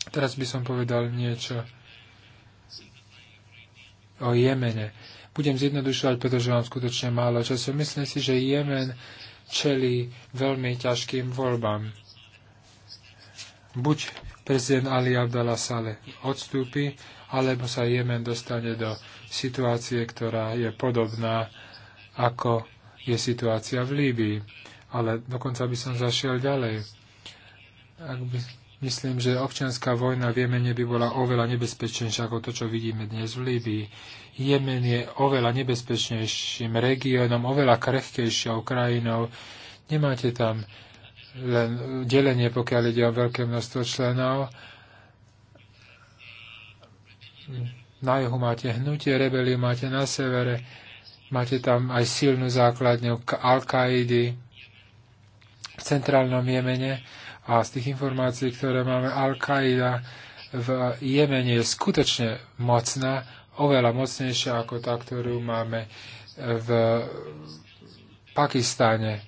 Teraz by som povedal niečo o Jemene. Budem zjednodušovať, pretože mám skutočne málo času. Myslím si, že Jemen čelí veľmi ťažkým voľbám. Buď prezident Ali Abdallah Saleh odstúpi, alebo sa Jemen dostane do situácie, ktorá je podobná, ako je situácia v Líbii. Ale dokonca by som zašiel ďalej. Ak by Myslím, že občianská vojna v Jemene by bola oveľa nebezpečnejšia ako to, čo vidíme dnes v Líbii. Jemen je oveľa nebezpečnejším regiónom, oveľa krehkejšou krajinou. Nemáte tam len delenie, pokiaľ ide o veľké množstvo členov. Na juhu máte hnutie, rebeliu máte na severe, máte tam aj silnú základňu Al-Kaidy v centrálnom Jemene a z tých informácií, ktoré máme, Al-Qaida v Jemene je skutočne mocná, oveľa mocnejšia ako tá, ktorú máme v Pakistáne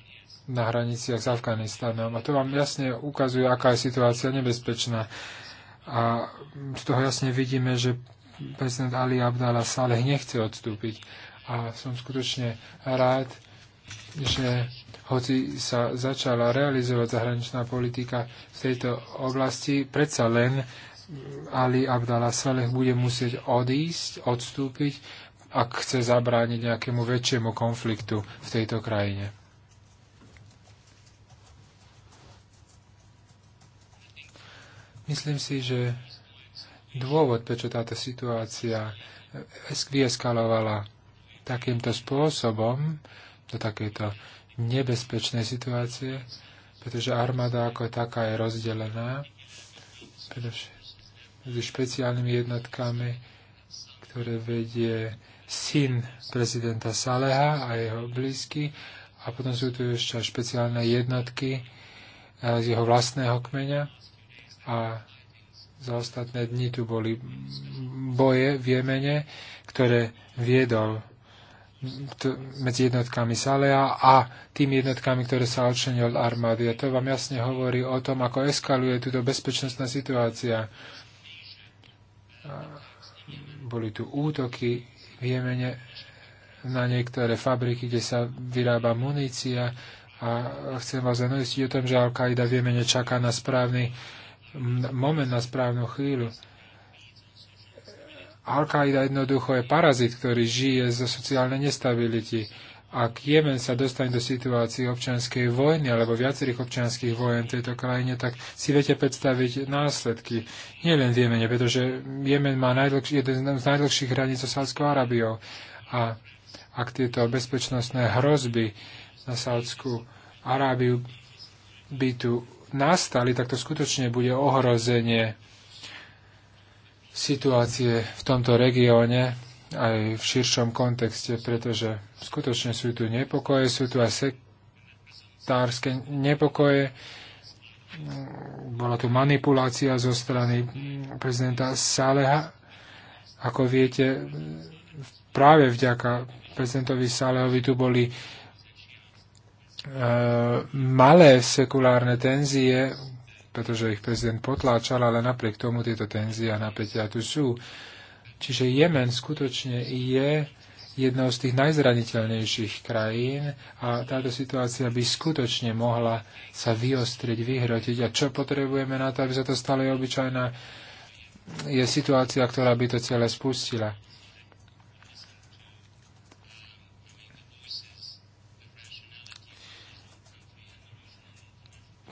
na hraniciach s Afganistanom. A to vám jasne ukazuje, aká je situácia nebezpečná. A z toho jasne vidíme, že prezident Ali Abdala Saleh nechce odstúpiť. A som skutočne rád, že hoci sa začala realizovať zahraničná politika v tejto oblasti, predsa len Ali Abdallah Saleh bude musieť odísť, odstúpiť, ak chce zabrániť nejakému väčšiemu konfliktu v tejto krajine. Myslím si, že dôvod, prečo táto situácia vyeskalovala takýmto spôsobom do takéto nebezpečné situácie, pretože armáda ako taká je rozdelená medzi špeciálnymi jednotkami, ktoré vedie syn prezidenta Saleha a jeho blízky a potom sú tu ešte špeciálne jednotky eh, z jeho vlastného kmeňa a za ostatné dni tu boli boje v Jemene, ktoré viedol medzi jednotkami Salea a tými jednotkami, ktoré sa odčlenili od armády. A to vám jasne hovorí o tom, ako eskaluje túto bezpečnostná situácia. Boli tu útoky v Jemene na niektoré fabriky, kde sa vyrába munícia a chcem vás zanúsiť o tom, že Al-Qaida v Jemene čaká na správny moment, na správnu chvíľu. Al-Qaida jednoducho je parazit, ktorý žije zo sociálnej nestability. Ak Jemen sa dostane do situácie občianskej vojny alebo viacerých občianských vojen v tejto krajine, tak si viete predstaviť následky. Nie len v Jemene, pretože Jemen má jeden z najdlhších hraníc so Sádskou Arábiou. A ak tieto bezpečnostné hrozby na Sádskú Arábiu by tu nastali, tak to skutočne bude ohrozenie situácie v tomto regióne aj v širšom kontexte, pretože skutočne sú tu nepokoje, sú tu aj sektárske nepokoje, bola tu manipulácia zo strany prezidenta Saleha. Ako viete, práve vďaka prezidentovi Salehovi tu boli e, malé sekulárne tenzie, pretože ich prezident potláčal, ale napriek tomu tieto tenzie a napätia tu sú. Čiže Jemen skutočne je jednou z tých najzraniteľnejších krajín a táto situácia by skutočne mohla sa vyostriť, vyhrotiť. A čo potrebujeme na to, aby sa to stalo je obyčajná, je situácia, ktorá by to celé spustila.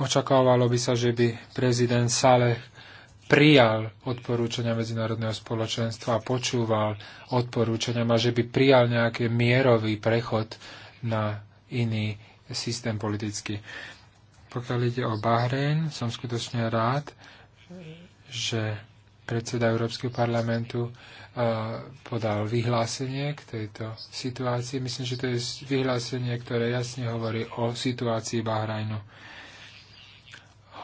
Očakávalo by sa, že by prezident Saleh prijal odporúčania medzinárodného spoločenstva a počúval odporúčania a že by prijal nejaký mierový prechod na iný systém politický. Pokiaľ ide o Bahrein, som skutočne rád, že predseda Európskeho parlamentu e, podal vyhlásenie k tejto situácii. Myslím, že to je vyhlásenie, ktoré jasne hovorí o situácii Bahrajnu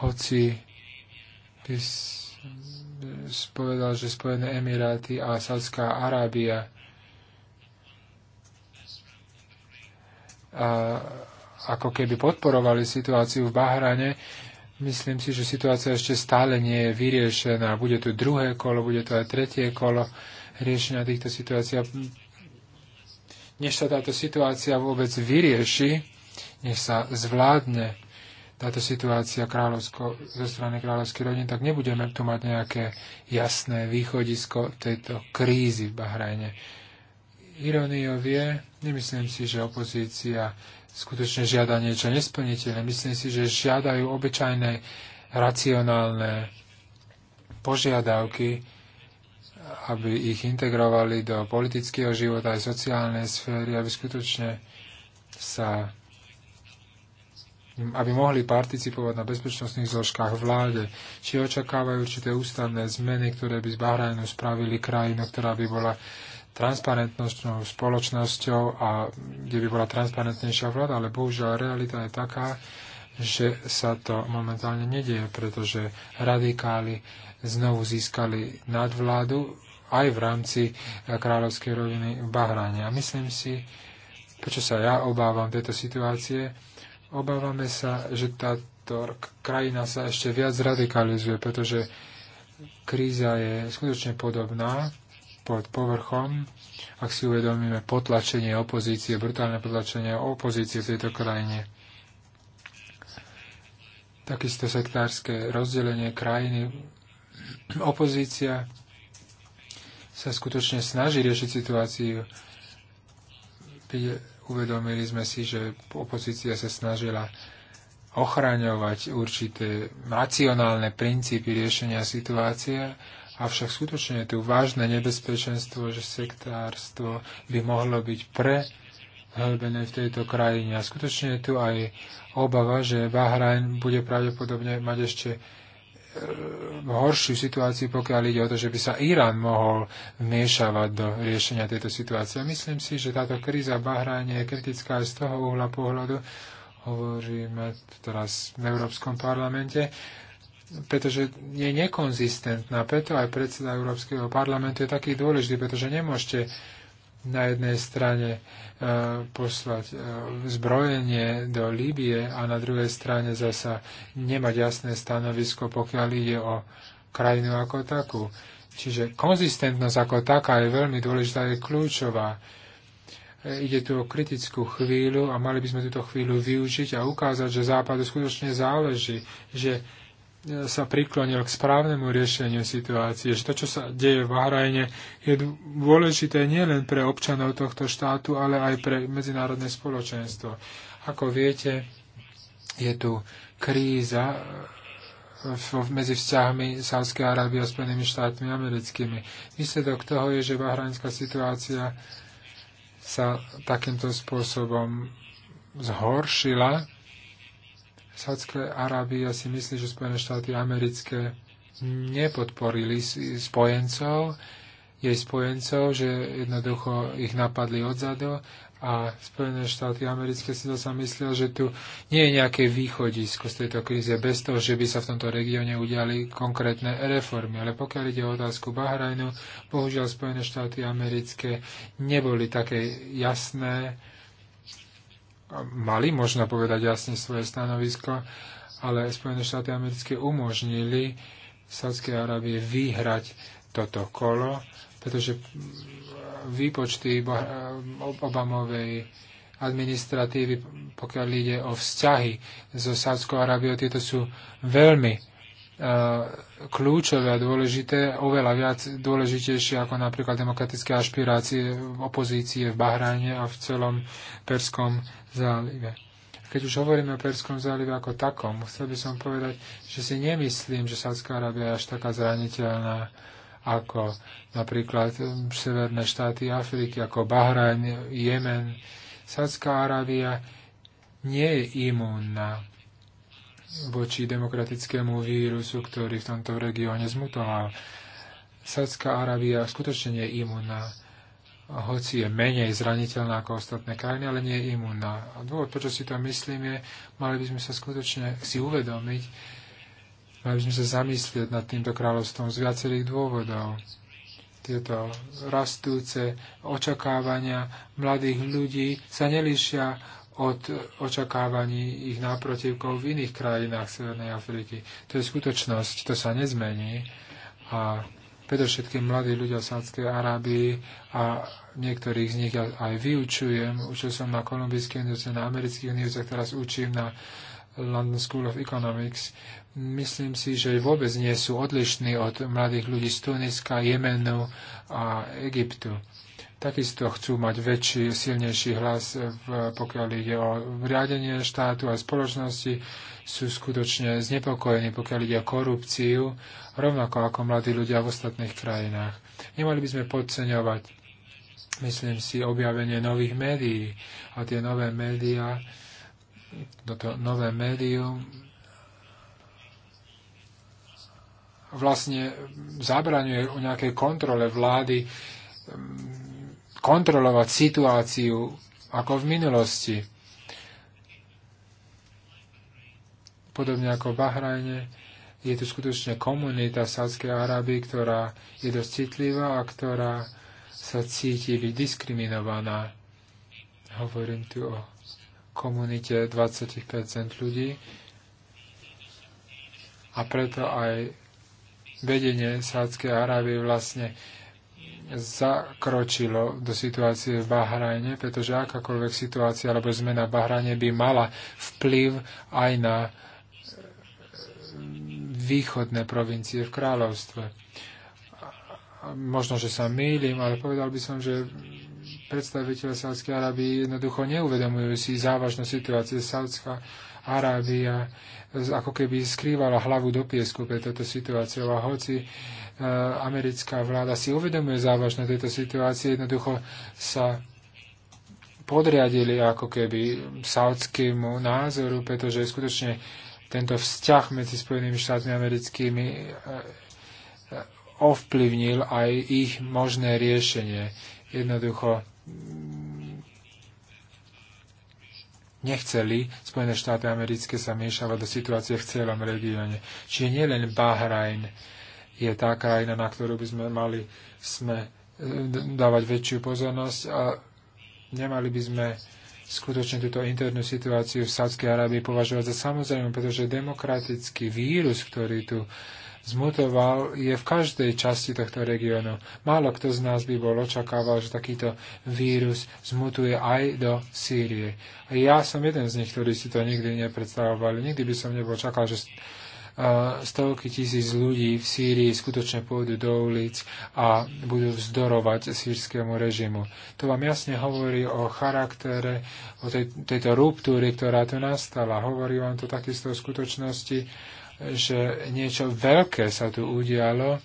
hoci by povedal, že Spojené Emiráty a Sádzka Arábia a ako keby podporovali situáciu v Bahrane, myslím si, že situácia ešte stále nie je vyriešená. Bude tu druhé kolo, bude tu aj tretie kolo riešenia týchto situácií. Než sa táto situácia vôbec vyrieši, než sa zvládne táto situácia kráľovsko, zo strany kráľovských rodín, tak nebudeme tu mať nejaké jasné východisko tejto krízy v Bahrajne. Iróniou je, nemyslím si, že opozícia skutočne žiada niečo nesplniteľné. Myslím si, že žiadajú obyčajné racionálne požiadavky, aby ich integrovali do politického života aj sociálnej sféry, aby skutočne sa aby mohli participovať na bezpečnostných zložkách vláde. Či očakávajú určité ústavné zmeny, ktoré by z Bahrajnu spravili krajinu, ktorá by bola transparentnostnou spoločnosťou a kde by bola transparentnejšia vláda, ale bohužiaľ realita je taká, že sa to momentálne nedieje, pretože radikáli znovu získali nadvládu aj v rámci kráľovskej rodiny v Bahrajne. A myslím si, prečo sa ja obávam tejto situácie, Obávame sa, že táto krajina sa ešte viac radikalizuje, pretože kríza je skutočne podobná pod povrchom, ak si uvedomíme potlačenie opozície, brutálne potlačenie opozície v tejto krajine. Takisto sektárske rozdelenie krajiny. Opozícia sa skutočne snaží riešiť situáciu. Uvedomili sme si, že opozícia sa snažila ochraňovať určité racionálne princípy riešenia situácie, avšak skutočne je tu vážne nebezpečenstvo, že sektárstvo by mohlo byť pre prehlbené v tejto krajine. A skutočne je tu aj obava, že Bahrajn bude pravdepodobne mať ešte horšiu situáciu, pokiaľ ide o to, že by sa Irán mohol miešavať do riešenia tejto situácie. Myslím si, že táto kríza v Bahrajne je kritická aj z toho uhla pohľadu, hovoríme teraz v Európskom parlamente, pretože je nekonzistentná. Preto aj predseda Európskeho parlamentu je taký dôležitý, pretože nemôžete na jednej strane e, poslať e, zbrojenie do Líbie a na druhej strane zasa nemať jasné stanovisko, pokiaľ ide o krajinu ako takú. Čiže konzistentnosť ako taká je veľmi dôležitá, je kľúčová. E, ide tu o kritickú chvíľu a mali by sme túto chvíľu využiť a ukázať, že Západu skutočne záleží, že sa priklonil k správnemu riešeniu situácie, že to, čo sa deje v Bahrajne, je dôležité nielen pre občanov tohto štátu, ale aj pre medzinárodné spoločenstvo. Ako viete, je tu kríza e, medzi vzťahmi Sádskej Arábie a Spojenými štátmi americkými. Výsledok toho je, že bahrajnská situácia sa takýmto spôsobom zhoršila Sádzka Arábie si myslí, že Spojené štáty americké nepodporili spojencov, jej spojencov, že jednoducho ich napadli odzadu a Spojené štáty americké si zase myslia, že tu nie je nejaké východisko z tejto krízy bez toho, že by sa v tomto regióne udiali konkrétne reformy. Ale pokiaľ ide o otázku Bahrajnu, bohužiaľ Spojené štáty americké neboli také jasné, mali možno povedať jasne svoje stanovisko, ale Spojené štáty americké umožnili Sádskej Arábie vyhrať toto kolo, pretože výpočty eh, Obamovej administratívy, pokiaľ ide o vzťahy so Sádskou Arábiou, tieto sú veľmi kľúčové a dôležité, oveľa viac dôležitejšie ako napríklad demokratické ašpirácie opozície v Bahrajne a v celom Perskom zálive. Keď už hovoríme o Perskom zálive ako takom, chcel by som povedať, že si nemyslím, že Sádska Arábia je až taká zraniteľná ako napríklad severné štáty Afriky, ako Bahrajn, Jemen. Sádska Arábia nie je imúnna voči demokratickému vírusu, ktorý v tomto regióne zmutoval. Sádzka Arábia skutočne nie je imunná, hoci je menej zraniteľná ako ostatné krajiny, ale nie je imunná. A dôvod, prečo si to myslím, je, mali by sme sa skutočne si uvedomiť, mali by sme sa zamyslieť nad týmto kráľovstvom z viacerých dôvodov. Tieto rastúce očakávania mladých ľudí sa nelíšia od očakávaní ich náprotivkov v iných krajinách Severnej Afriky. To je skutočnosť, to sa nezmení. A predovšetkým mladí ľudia v Sádskej Arábii a niektorých z nich ja aj vyučujem. Učil som na Kolumbijskej univerzite, na amerických univerzitách, teraz učím na London School of Economics. Myslím si, že vôbec nie sú odlišní od mladých ľudí z Tuniska, Jemenu a Egyptu takisto chcú mať väčší, silnejší hlas, e, pokiaľ ide o riadenie štátu a spoločnosti, sú skutočne znepokojení, pokiaľ ide o korupciu, rovnako ako mladí ľudia v ostatných krajinách. Nemali by sme podceňovať, myslím si, objavenie nových médií a tie nové médiá, toto nové médium vlastne zabraňuje o nejakej kontrole vlády kontrolovať situáciu ako v minulosti. Podobne ako v Bahrajne, je tu skutočne komunita Sádskej Araby, ktorá je dosť citlivá a ktorá sa cíti byť diskriminovaná. Hovorím tu o komunite 20% ľudí a preto aj vedenie Sádskej Arábie vlastne zakročilo do situácie v Bahrajne, pretože akákoľvek situácia alebo zmena v Bahrajne by mala vplyv aj na východné provincie v kráľovstve. Možno, že sa mýlim, ale povedal by som, že predstaviteľe Sádskej Arábie jednoducho neuvedomujú si závažnú situácie Sádska Arábia ako keby skrývala hlavu do piesku pre toto situáciu. A hoci E, americká vláda si uvedomuje závažné tejto situácie, jednoducho sa podriadili ako keby saudskému názoru, pretože skutočne tento vzťah medzi Spojenými štátmi americkými e, e, ovplyvnil aj ich možné riešenie. Jednoducho mm, nechceli Spojené štáty americké sa miešavať do situácie v celom regióne. Čiže nielen Bahrajn, je tá krajina, na ktorú by sme mali sme e, dávať väčšiu pozornosť a nemali by sme skutočne túto internú situáciu v Sádskej Arábii považovať za samozrejme, pretože demokratický vírus, ktorý tu zmutoval, je v každej časti tohto regiónu. Málo kto z nás by bol očakával, že takýto vírus zmutuje aj do Sýrie. A ja som jeden z nich, ktorí si to nikdy nepredstavovali. Nikdy by som nebol čakal, že stovky tisíc ľudí v Sýrii skutočne pôjdu do ulic a budú vzdorovať sírskému režimu. To vám jasne hovorí o charaktere, o tej, tejto ruptúry, ktorá tu nastala. Hovorí vám to takisto o skutočnosti, že niečo veľké sa tu udialo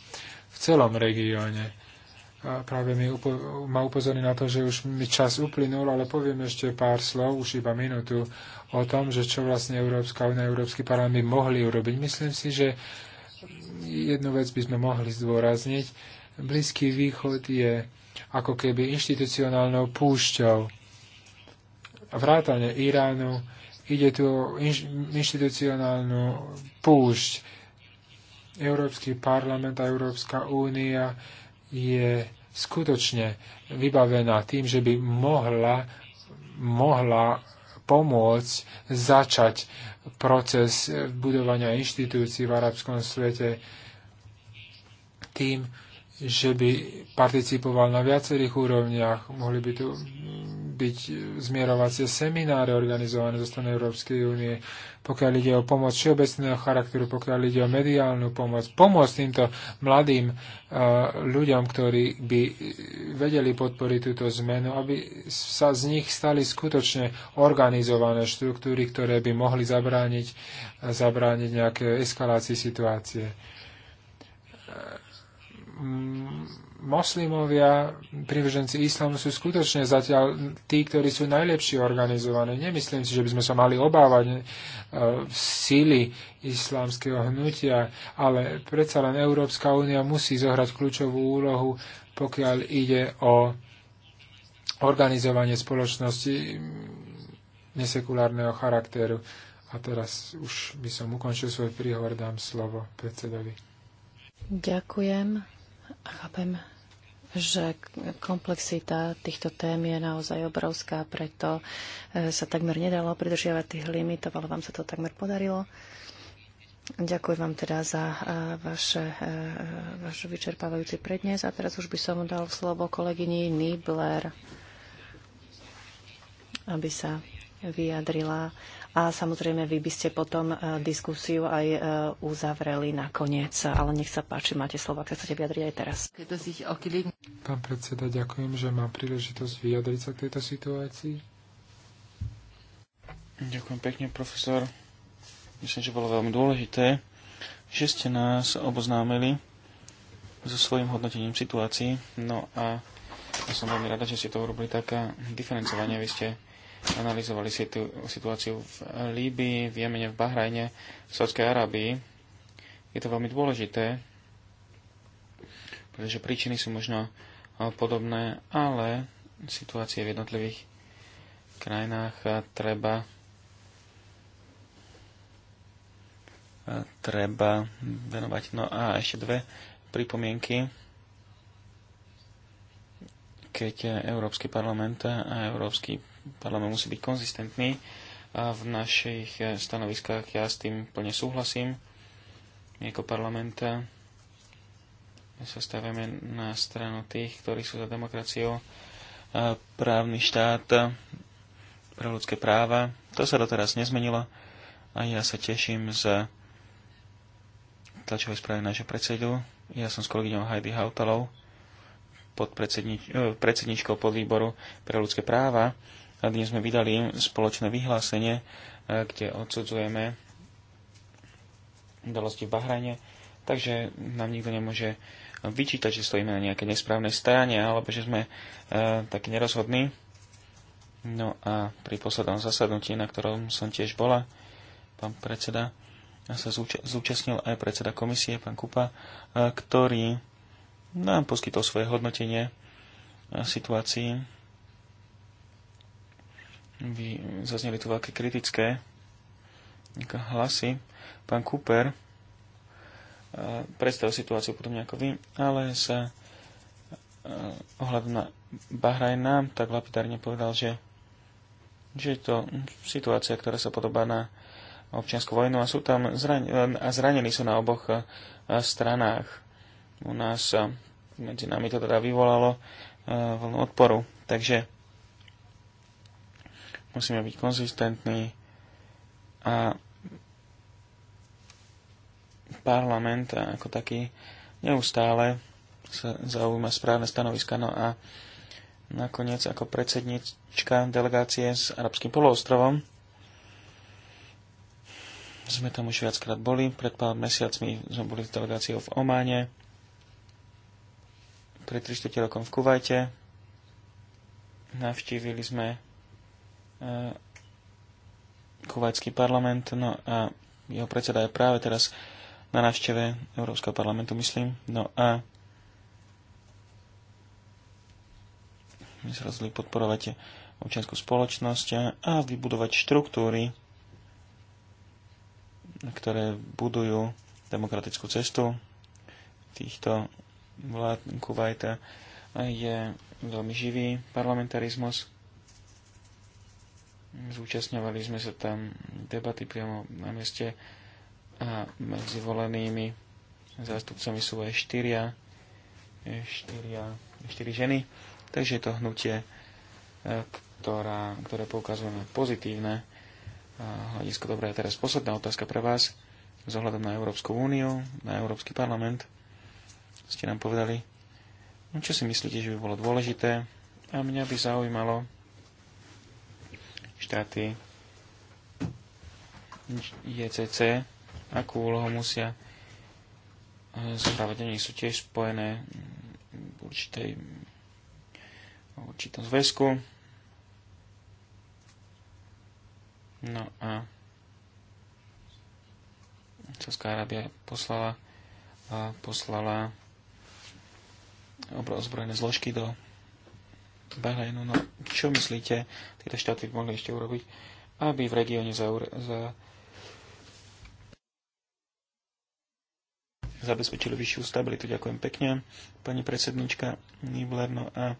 v celom regióne práve mi upo- ma upozorní na to, že už mi čas uplynul, ale poviem ešte pár slov, už iba minútu, o tom, že čo vlastne Európska únia, Európsky parlament by mohli urobiť. Myslím si, že jednu vec by sme mohli zdôrazniť. Blízky východ je ako keby inštitucionálnou púšťou. Vrátane Iránu ide tu o inš- inštitucionálnu púšť. Európsky parlament a Európska únia je skutočne vybavená tým, že by mohla, mohla pomôcť začať proces budovania inštitúcií v arabskom svete tým, že by participoval na viacerých úrovniach. Mohli by tu byť zmierovacie semináre organizované zo strany Európskej únie, pokiaľ ide o pomoc všeobecného charakteru, pokiaľ ide o mediálnu pomoc, pomoc týmto mladým uh, ľuďom, ktorí by vedeli podporiť túto zmenu, aby sa z nich stali skutočne organizované štruktúry, ktoré by mohli zabrániť, zabrániť nejaké eskalácii situácie. Eh, moslimovia, privrženci islamu sú skutočne zatiaľ tí, ktorí sú najlepšie organizovaní. Nemyslím si, že by sme sa mali obávať uh, síly islámskeho hnutia, ale predsa len Európska únia musí zohrať kľúčovú úlohu, pokiaľ ide o organizovanie spoločnosti nesekulárneho charakteru. A teraz už by som ukončil svoj príhovor, dám slovo predsedovi. Ďakujem. Chápem, že komplexita týchto tém je naozaj obrovská, preto e, sa takmer nedalo pridržiavať tých limitov, ale vám sa to takmer podarilo. Ďakujem vám teda za e, vaše, e, vaš vyčerpávajúci prednes a teraz už by som dal slovo kolegyni Nibler, aby sa vyjadrila a samozrejme vy by ste potom e, diskusiu aj e, uzavreli nakoniec. Ale nech sa páči, máte slovo, ak sa chcete vyjadriť aj teraz. Pán predseda, ďakujem, že mám príležitosť vyjadriť sa k tejto situácii. Ďakujem pekne, profesor. Myslím, že bolo veľmi dôležité, že ste nás oboznámili so svojím hodnotením situácií. No a ja som veľmi rada, že ste to urobili tak diferencovanie. Vy ste analyzovali situ- situáciu v Líbii, v Jemene, v Bahrajne, v Sovskej Arábii. Je to veľmi dôležité, pretože príčiny sú možno podobné, ale situácie v jednotlivých krajinách treba treba venovať. No a ešte dve pripomienky. Keď Európsky parlament a Európsky parlament musí byť konzistentný a v našich e, stanoviskách ja s tým plne súhlasím. My ako parlament. E, sa stavíme na stranu tých, ktorí sú za demokraciou, e, právny štát, pre ľudské práva. To sa doteraz nezmenilo a ja sa teším z tlačovej správy nášho predsedu. Ja som s kolegyňou Heidi Hautalou, pod predsedničkou podvýboru pre ľudské práva dnes sme vydali spoločné vyhlásenie, e, kde odsudzujeme udalosti v Bahrajne, takže nám nikto nemôže vyčítať, že stojíme na nejakej nesprávnej strane alebo že sme e, takí nerozhodní. No a pri poslednom zasadnutí, na ktorom som tiež bola, pán predseda, sa zúčastnil aj predseda komisie, pán Kupa, e, ktorý nám poskytol svoje hodnotenie e, situácii vy, zazneli tu veľké kritické hlasy. Pán Cooper eh, predstavil situáciu potom nejako vy, ale sa eh, ohľadom na Bahrajn nám tak lapidárne povedal, že, že je to situácia, ktorá sa podobá na občiansku vojnu a sú tam zran- eh, a zranení sú na oboch stranách. U nás medzi nami to teda vyvolalo vlnu odporu. Takže Musíme byť konzistentní a parlament ako taký neustále sa zaujíma správne stanoviska. No a nakoniec ako predsednička delegácie s arabským poloostrovom sme tam už viackrát boli. Pred pár mesiacmi sme boli s delegáciou v Ománe, pred 300 rokom v Kuvajte. Navštívili sme kuvajský e, parlament, no a jeho predseda je práve teraz na návšteve Európskeho parlamentu, myslím. No a my sa rozhodli podporovať občianskú spoločnosť a vybudovať štruktúry, ktoré budujú demokratickú cestu týchto vlád Kuwaita. Je veľmi živý parlamentarizmus Zúčastňovali sme sa tam debaty priamo na mieste a medzi volenými zástupcami sú aj štyria, štyria, štyri ženy. Takže je to hnutie, e, ktorá, ktoré poukazuje na pozitívne hľadisko. Dobre, a teraz posledná otázka pre vás. Zohľadom na Európsku úniu, na Európsky parlament, ste nám povedali, no čo si myslíte, že by bolo dôležité. A mňa by zaujímalo, štáty JCC, akú úlohu musia eh, zohrávať. Oni sú tiež spojené mm, v určitej v určitom zväzku. No a česká Arábia poslala, a eh, poslala ozbrojené zložky do Bahrajnu. No čo myslíte, tieto štáty mohli ešte urobiť, aby v regióne za, za, zabezpečili vyššiu stabilitu. Ďakujem pekne, pani predsednička Nibler. No a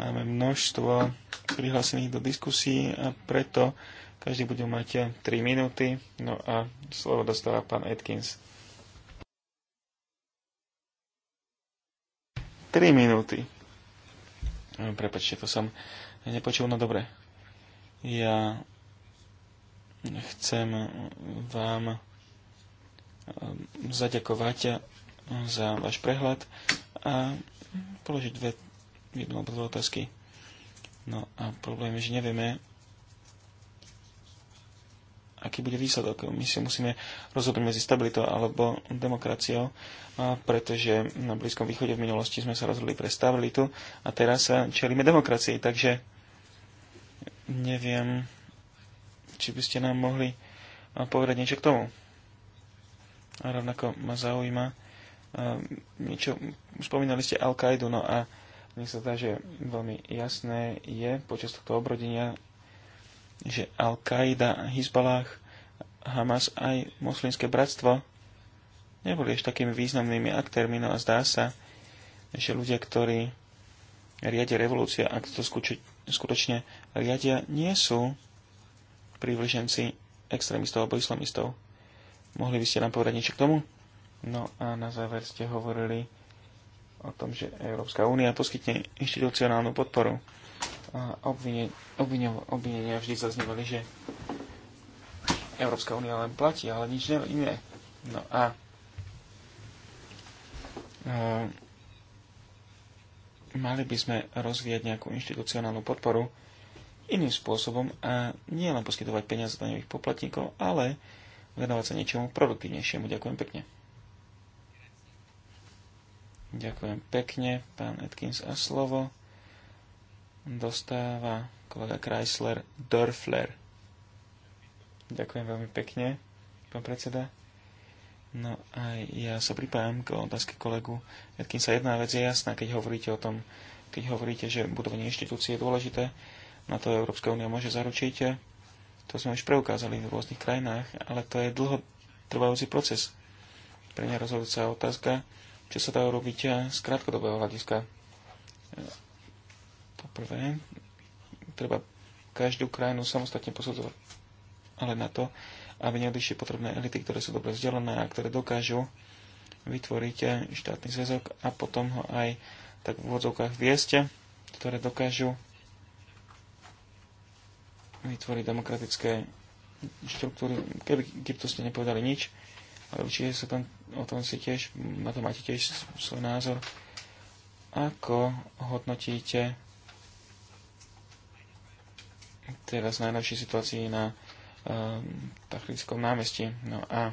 máme množstvo prihlásených do diskusí a preto každý bude mať 3 minúty. No a slovo dostáva pán Atkins. 3 minúty. Hm, prepačte, to som nepočul, no dobre. Ja chcem vám ehm, zaďakovať za váš prehľad a položiť dve, jednu alebo dve otázky. No a problém je, že nevieme, aký bude výsledok. My si musíme rozhodnúť medzi stabilitou alebo demokraciou, pretože na Blízkom východe v minulosti sme sa rozhodli pre stabilitu a teraz sa čelíme demokracii, takže neviem, či by ste nám mohli povedať niečo k tomu. A rovnako ma zaujíma niečo, spomínali ste Al-Qaidu, no a mne sa zdá, že veľmi jasné je počas tohto obrodenia že Al-Qaida, Hezbollah, Hamas aj moslimské bratstvo neboli ešte takými významnými aktérmi, no a zdá sa, že ľudia, ktorí riadia revolúcia, ak to skutočne riadia, nie sú prívrženci extrémistov alebo islamistov. Mohli by ste nám povedať niečo k tomu? No a na záver ste hovorili o tom, že Európska únia poskytne inštitucionálnu podporu obvinenia vždy zaznievali, že Európska únia len platí, ale nič iné. No a no, mali by sme rozvíjať nejakú inštitucionálnu podporu iným spôsobom a nie len poskytovať peniaze daňových poplatníkov, ale venovať sa niečomu produktívnejšiemu. Ďakujem pekne. Ďakujem pekne, pán Atkins a slovo dostáva kolega Chrysler Dörfler. Ďakujem veľmi pekne, pán predseda. No a ja sa pripájam k otázke kolegu sa Jedna vec je jasná, keď hovoríte o tom, keď hovoríte, že budovanie inštitúcie je dôležité, na to Európska únia môže zaručiť. To sme už preukázali v rôznych krajinách, ale to je dlhotrvajúci proces. Pre mňa rozhodujúca otázka, čo sa dá urobiť z krátkodobého hľadiska Poprvé, treba každú krajinu samostatne posudzovať, ale na to, aby neodišli potrebné elity, ktoré sú dobre vzdelané a ktoré dokážu vytvoriť štátny zväzok a potom ho aj tak v úvodzovkách vieste, ktoré dokážu vytvoriť demokratické štruktúry. Keby Egyptosti nepovedali nič, ale určite sa tam o tom si tiež, na to máte tiež svoj názor. Ako hodnotíte teraz najlepšej situácii na uh, eh, Tachlickom námestí. No a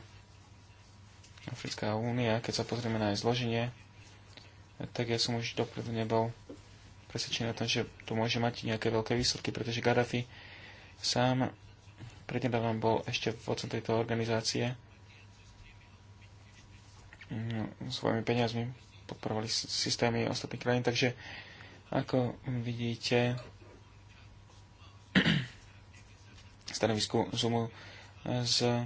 Africká únia, keď sa pozrieme na jej zloženie, tak ja som už dopredu nebol presvedčený o tom, že to môže mať nejaké veľké výsledky, pretože Gaddafi sám prednedávam bol ešte v odcom tejto organizácie no, svojimi peniazmi podporovali systémy ostatných krajín, takže ako vidíte, stanovisku Zumu e, z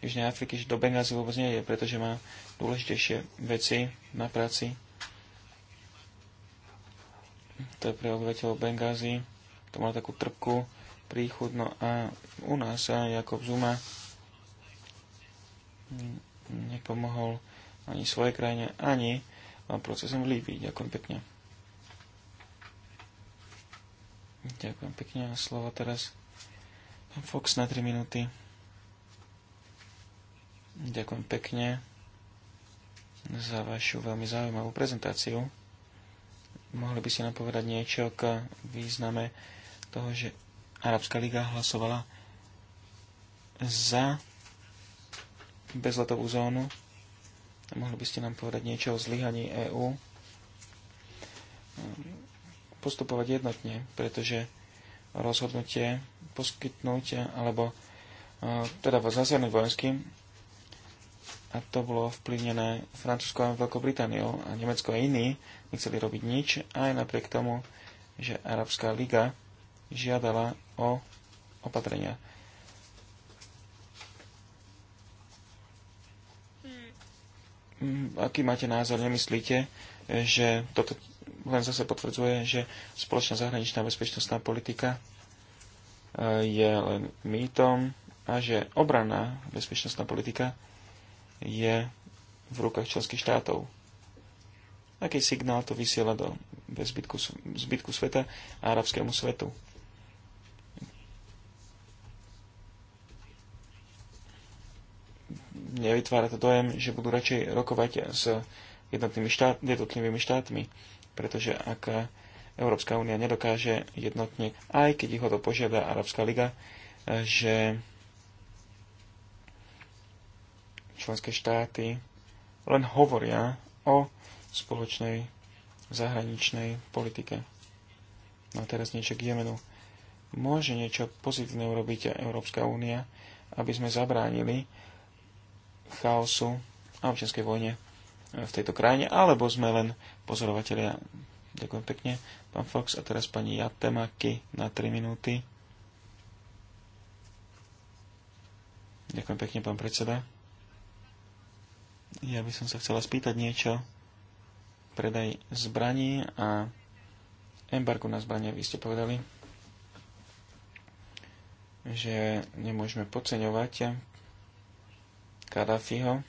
Južnej Afriky, že do Bengázy vôbec nie je, pretože má dôležitejšie veci na práci. To je pre obyvateľov Bengázy. To má takú trpku No a u nás a Jakob Zuma nepomohol ani svojej krajine, ani procesom v Líbii. Ďakujem pekne. Ďakujem pekne a slovo teraz pán Fox na 3 minúty. Ďakujem pekne za vašu veľmi zaujímavú prezentáciu. Mohli by ste nám povedať niečo k význame toho, že Arabská liga hlasovala za bezletovú zónu. Mohli by ste nám povedať niečo o zlyhaní EÚ postupovať jednotne, pretože rozhodnutie poskytnúť alebo e, teda zasiahnuť vojensky a to bolo vplyvnené Francúzskou a Veľkou Britániou a Nemecko a iní nechceli robiť nič aj napriek tomu, že Arabská liga žiadala o opatrenia. Hmm. Mm, aký máte názor? Nemyslíte, že toto len zase potvrdzuje, že spoločná zahraničná bezpečnostná politika eh, je len mýtom a že obranná bezpečnostná politika je v rukách členských štátov. Aký signál to vysiela do zbytku, zbytku sveta a arabskému svetu? Nevytvára to dojem, že budú radšej rokovať s jednotlivými, štát, jednotlivými štátmi pretože ak Európska únia nedokáže jednotne, aj keď ich ho to požiada Arabská liga, že členské štáty len hovoria o spoločnej zahraničnej politike. No a teraz niečo k Jemenu. Môže niečo pozitívne urobiť Európska únia, aby sme zabránili chaosu a občianskej vojne v tejto krajine, alebo sme len pozorovateľia. Ďakujem pekne, pán Fox. A teraz pani Jatemaki na 3 minúty. Ďakujem pekne, pán predseda. Ja by som sa chcela spýtať niečo. Predaj zbraní a embargo na zbranie, vy ste povedali, že nemôžeme podceňovať Kadáfiho.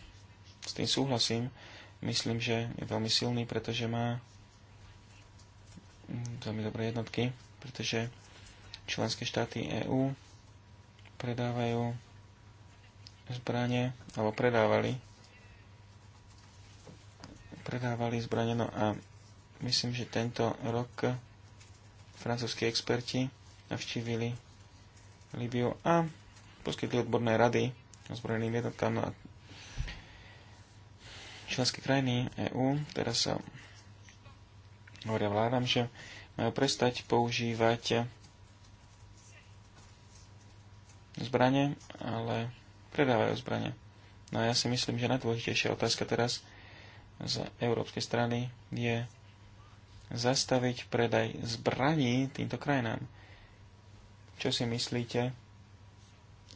S tým súhlasím myslím, že je veľmi silný, pretože má mm, veľmi dobré jednotky, pretože členské štáty EÚ predávajú zbranie, alebo predávali predávali zbranie, no a myslím, že tento rok francúzskí experti navštívili Libiu a poskytli odborné rady ozbrojeným jednotkám, no a členské krajiny EÚ teraz sa hovoria vládam, že majú prestať používať zbranie, ale predávajú zbranie. No a ja si myslím, že najdôležitejšia otázka teraz z európskej strany je zastaviť predaj zbraní týmto krajinám. Čo si myslíte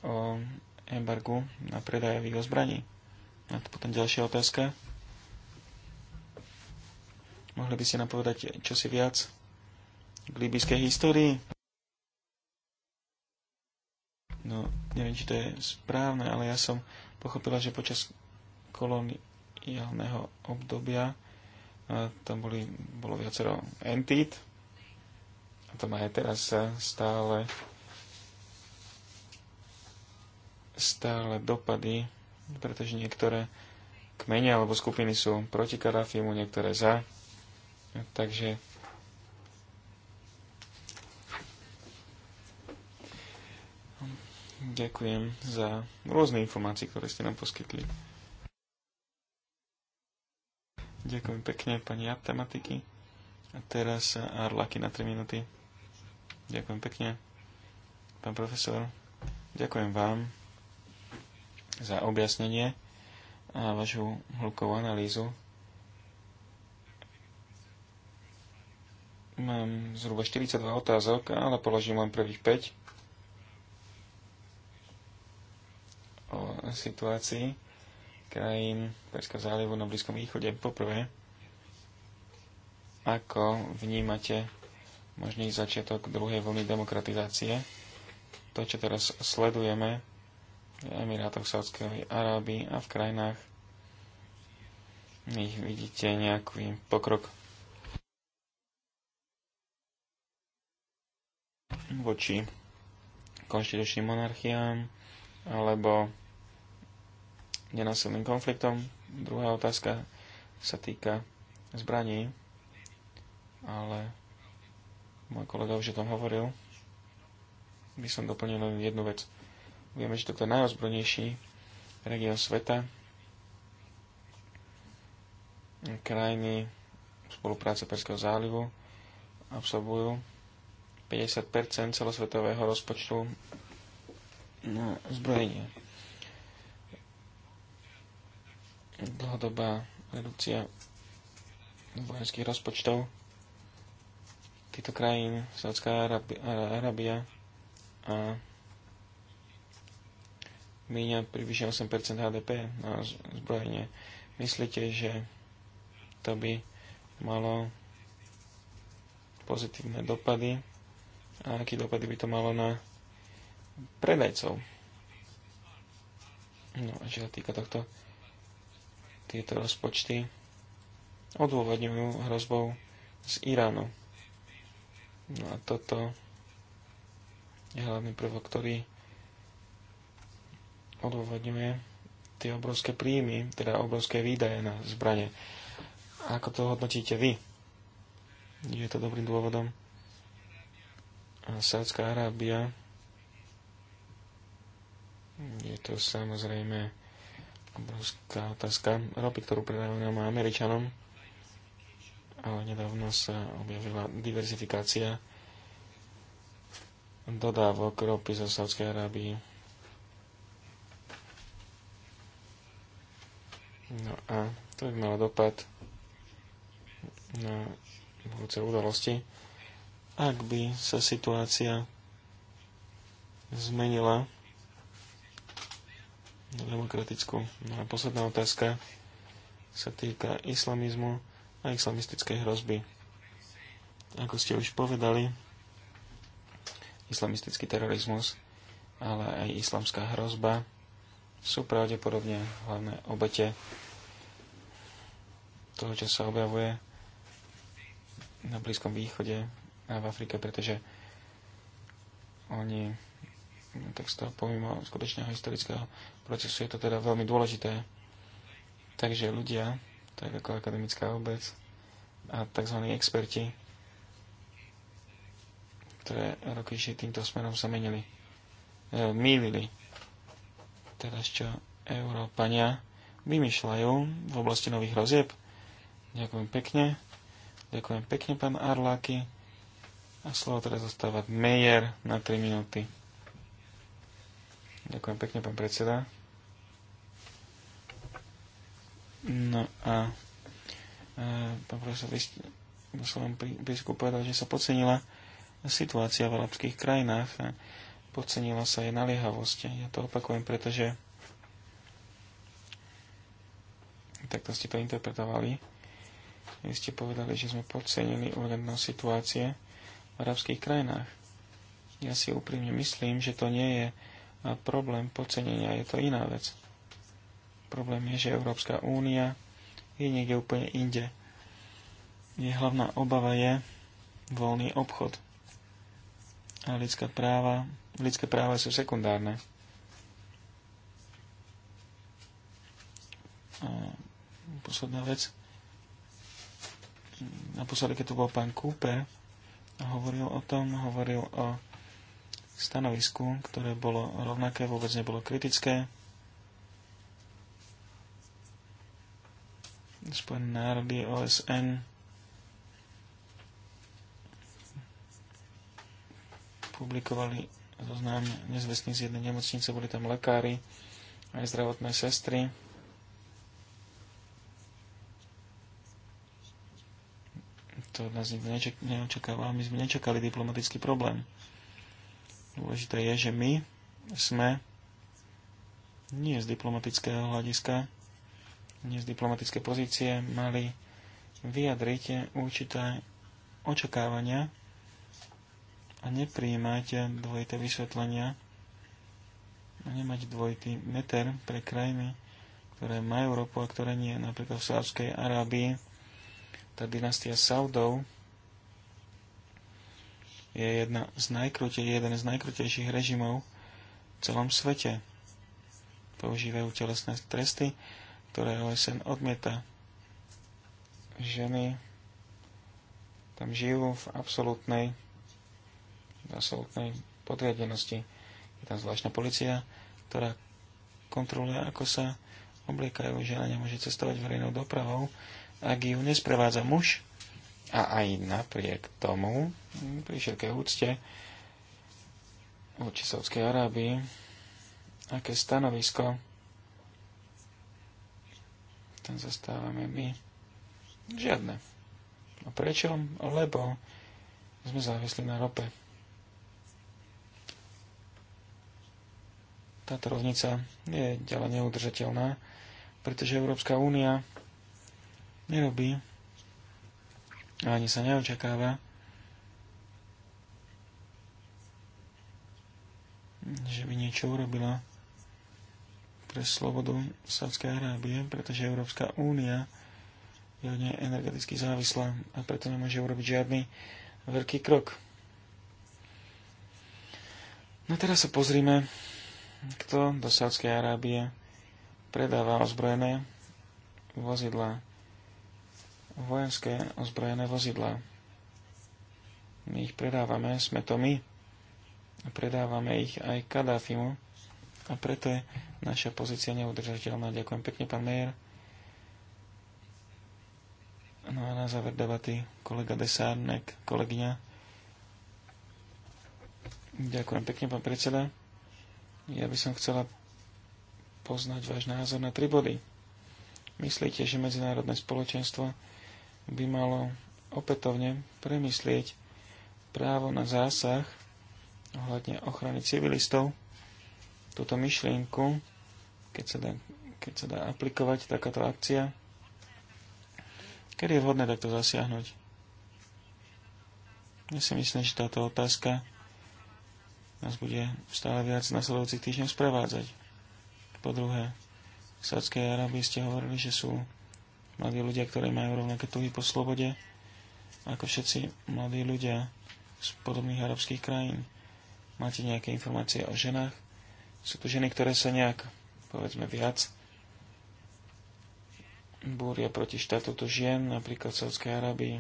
o embargu na predajových zbraní? A potom ďalšia otázka. Mohli by ste nám povedať čosi viac k líbyskej histórii? No, neviem, či to je správne, ale ja som pochopila, že počas koloniálneho obdobia tam boli, bolo viacero entít a to má aj teraz stále stále dopady pretože niektoré kmene alebo skupiny sú proti Kadáfimu, niektoré za. Takže ďakujem za rôzne informácie, ktoré ste nám poskytli. Ďakujem pekne pani Aptematiky. A teraz Arlaky na 3 minúty. Ďakujem pekne. Pán profesor, ďakujem vám za objasnenie a vašu hlukovú analýzu. Mám zhruba 42 otázok, ale položím len prvých 5 o situácii krajín Perského zálivu na Blízkom východe. Poprvé, ako vnímate možný začiatok druhej vlny demokratizácie? To, čo teraz sledujeme, Emirátoch Sádskej Arábii a v krajinách ich vidíte nejaký pokrok voči konštitučným monarchiám alebo nenásilným konfliktom. Druhá otázka sa týka zbraní, ale môj kolega už o tom hovoril. By som doplnil len jednu vec Vieme, že toto je najozbrojnejší región sveta. Krajiny spolupráce Perského zálivu absolvujú 50 celosvetového rozpočtu na zbrojenie. Dlhodobá redukcia vojenských rozpočtov týchto krajín, Sádzka Arabia a míňa približne 8% HDP na zbrojenie. Myslíte, že to by malo pozitívne dopady a aký dopady by to malo na predajcov? No a čo sa týka tohto, tieto rozpočty odôvodňujú hrozbou z Iránu. No a toto je hlavný prvok, ktorý odôvodňuje tie obrovské príjmy, teda obrovské výdaje na zbranie. Ako to hodnotíte vy? Je to dobrým dôvodom? A Sádzka Arábia je to samozrejme obrovská otázka ropy, ktorú predávame nám Američanom, ale nedávno sa objavila diverzifikácia dodávok ropy zo Sádzkej Arábii No a to by malo dopad na budúce udalosti, ak by sa situácia zmenila na demokratickú. No a posledná otázka sa týka islamizmu a islamistickej hrozby. Ako ste už povedali, islamistický terorizmus, ale aj islamská hrozba sú pravdepodobne hlavné obete toho, čo sa objavuje na Blízkom východe a v Afrike, pretože oni no tak z toho pomimo skutočného historického procesu je to teda veľmi dôležité. Takže ľudia, tak ako akademická obec a tzv. experti, ktoré roky išli týmto smerom sa menili, e, mýlili. Teraz čo Európania vymýšľajú v oblasti nových rozieb. Ďakujem pekne. Ďakujem pekne, pán Arláky. A slovo teraz zostáva Mejer na 3 minúty. Ďakujem pekne, pán predseda. No a e, pán profesor ste svojom prísku povedal, že sa podcenila situácia v arabských krajinách. A podcenila sa jej naliehavosť. Ja to opakujem, pretože takto ste to interpretovali. Vy ste povedali, že sme podcenili urgentnosť situácie v arabských krajinách. Ja si úprimne myslím, že to nie je problém podcenenia, je to iná vec. Problém je, že Európska únia je niekde úplne inde. Jej hlavná obava je voľný obchod. A ľudské práva, ľudské práva sú sekundárne. A posledná vec naposledy, keď tu bol pán Kúpe, hovoril o tom, hovoril o stanovisku, ktoré bolo rovnaké, vôbec nebolo kritické. Spojené národy, OSN, publikovali zoznam nezvestných z jednej nemocnice, boli tam lekári, aj zdravotné sestry. to nás nikto neočakáva. My sme nečakali diplomatický problém. Dôležité je, že my sme nie z diplomatického hľadiska, nie z diplomatické pozície mali vyjadriť určité očakávania a nepríjmať dvojité vysvetlenia a nemať dvojitý meter pre krajiny, ktoré majú ropu a ktoré nie, napríklad v Sávskej Arábii tá dynastia Saudov je jedna z najkrutej, jeden z najkrutejších režimov v celom svete. Používajú telesné tresty, ktoré OSN odmieta. Ženy tam žijú v absolútnej, v absolútnej podriadenosti. Je tam zvláštna policia, ktorá kontroluje, ako sa obliekajú. Žena nemôže cestovať verejnou dopravou, ak ju nesprevádza muž, a aj napriek tomu, pri všetkej úcte, voči Saudskej Arábii, aké stanovisko tam zastávame my? Žiadne. A prečo? Lebo sme závislí na rope. Táto rovnica je ďalej neudržateľná, pretože Európska únia nerobí a ani sa neočakáva, že by niečo urobila pre slobodu Sádskej Arábie, pretože Európska únia je od nej energeticky závislá a preto nemôže urobiť žiadny veľký krok. No teraz sa pozrime, kto do Sádskej Arábie predáva ozbrojené vozidla vojenské ozbrojené vozidlá. My ich predávame, sme to my. A predávame ich aj Kadáfimu. A preto je naša pozícia neudržateľná. Ďakujem pekne, pán Mejer. No a na záver debaty kolega Desárnek, kolegyňa. Ďakujem pekne, pán predseda. Ja by som chcela poznať váš názor na tri body. Myslíte, že medzinárodné spoločenstvo by malo opätovne premyslieť právo na zásah ohľadne ochrany civilistov. Túto myšlienku, keď sa dá, keď sa dá aplikovať takáto akcia, kedy je vhodné takto zasiahnuť. Ja si myslím, že táto otázka nás bude stále viac na sledujúcich týždňoch sprevádzať. Po druhé, v Sádskej Arabii ste hovorili, že sú mladí ľudia, ktorí majú rovnaké tuhy po slobode, ako všetci mladí ľudia z podobných arabských krajín. Máte nejaké informácie o ženách? Sú to ženy, ktoré sa nejak, povedzme, viac búria proti štatútu žien, napríklad v Saudskej Arabii.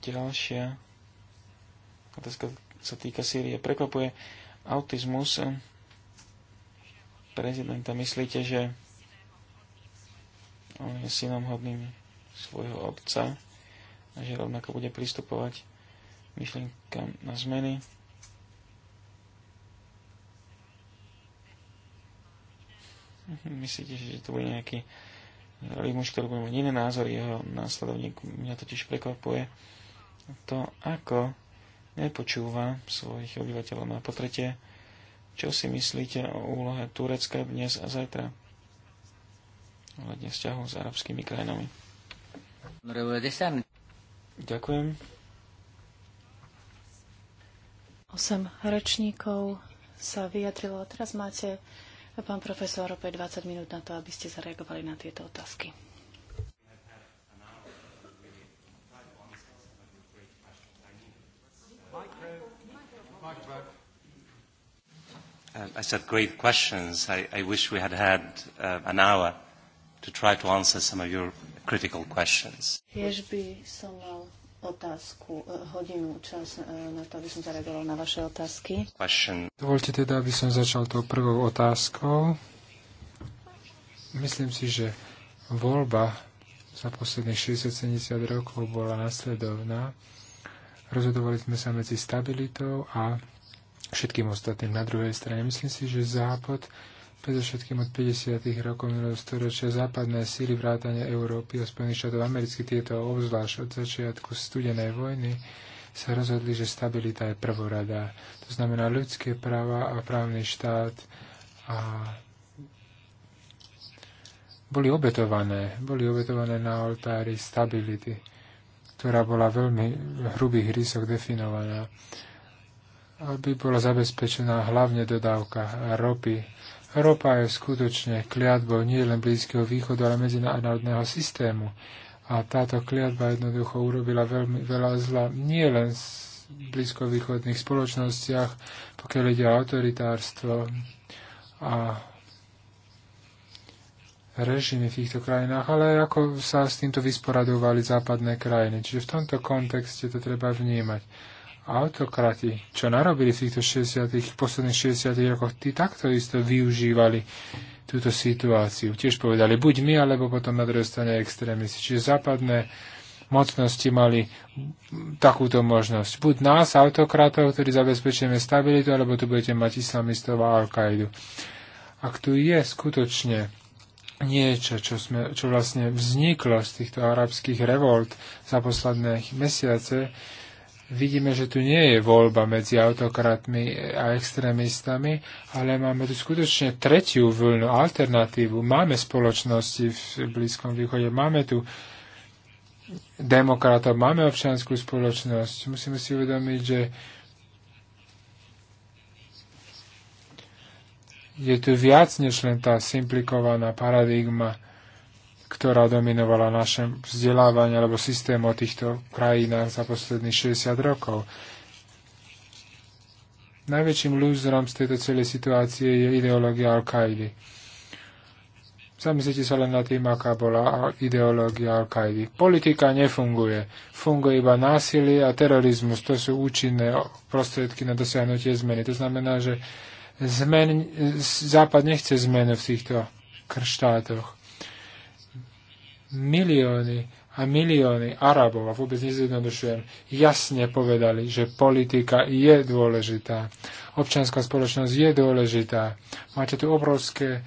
Ďalšia otázka sa týka Sýrie. Prekvapuje autizmus prezidenta myslíte, že on je synom hodným svojho otca a že rovnako bude pristupovať myšlienkam na zmeny. Mhm, myslíte, že to bude nejaký zrelý muž, ktorý bude mať iné názory, jeho následovník mňa totiž prekvapuje to, ako nepočúva svojich obyvateľov. No a po tretie, čo si myslíte o úlohe Turecka dnes a zajtra? Hľadne vzťahu s arabskými krajinami. Ďakujem. Osem rečníkov sa vyjadrilo. Teraz máte, pán profesor, opäť 20 minút na to, aby ste zareagovali na tieto otázky. Um, I said great questions. I, I wish we had had uh, an hour to try to answer some of your critical questions. Tiež by som mal otázku, e, hodinu čas e, na to, aby som zareagoval na vaše otázky. Question. Dovolte teda, aby som začal tou prvou otázkou. Myslím si, že voľba za posledných 60-70 rokov bola následovná. Rozhodovali sme sa medzi stabilitou a všetkým ostatným na druhej strane. Myslím si, že Západ, predovšetkým od 50. rokov minulého storočia, západné síly vrátania Európy a Spojených štátov amerických, tieto obzvlášť od začiatku studenej vojny, sa rozhodli, že stabilita je prvorada. To znamená ľudské práva a právny štát a boli obetované, boli obetované na oltári stability, ktorá bola veľmi v hrubých rysoch definovaná aby bola zabezpečená hlavne dodávka ropy. Ropa je skutočne kliatbou nie len Blízkeho východu, ale medzinárodného systému. A táto kliatba jednoducho urobila veľmi veľa zla nie len v blízkovýchodných spoločnostiach, pokiaľ ide o autoritárstvo a režimy v týchto krajinách, ale ako sa s týmto vysporadovali západné krajiny. Čiže v tomto kontexte to treba vnímať autokrati, čo narobili v týchto 60, posledných 60 rokoch, tí takto isto využívali túto situáciu. Tiež povedali, buď my, alebo potom na druhej strane extrémisti. Čiže západné mocnosti mali takúto možnosť. Buď nás, autokratov, ktorí zabezpečujeme stabilitu, alebo tu budete mať islamistov a Al-Kaidu. Ak tu je skutočne niečo, čo, sme, čo vlastne vzniklo z týchto arabských revolt za posledné mesiace, vidíme, že tu nie je voľba medzi autokratmi a extrémistami, ale máme tu skutočne tretiu vlnu, alternatívu. Máme spoločnosti v Blízkom východe, máme tu demokratov, máme občianskú spoločnosť. Musíme si uvedomiť, že je tu viac než len tá simplikovaná paradigma ktorá dominovala našem vzdelávanie alebo systému o týchto krajinách za posledných 60 rokov. Najväčším lúzrom z tejto celej situácie je ideológia al Kaidi. Zamyslite sa len na tým, aká bola ideológia al Kaidi. Politika nefunguje. Funguje iba násilie a terorizmus. To sú účinné prostriedky na dosiahnutie zmeny. To znamená, že zmen, Západ nechce zmenu v týchto štátoch milióny a milióny Arabov, a vôbec nezjednodušujem, jasne povedali, že politika je dôležitá. Občianská spoločnosť je dôležitá. Máte tu obrovské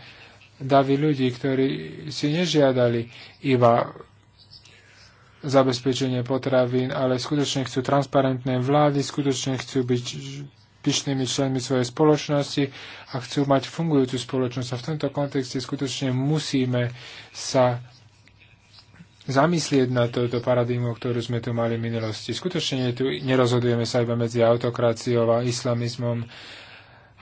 davy ľudí, ktorí si nežiadali iba zabezpečenie potravín, ale skutočne chcú transparentné vlády, skutočne chcú byť pyšnými členmi svojej spoločnosti a chcú mať fungujúcu spoločnosť. A v tomto kontexte skutočne musíme sa zamyslieť na toto paradigmu, ktorú sme tu mali v minulosti. Skutočne tu nerozhodujeme sa iba medzi autokraciou a islamizmom,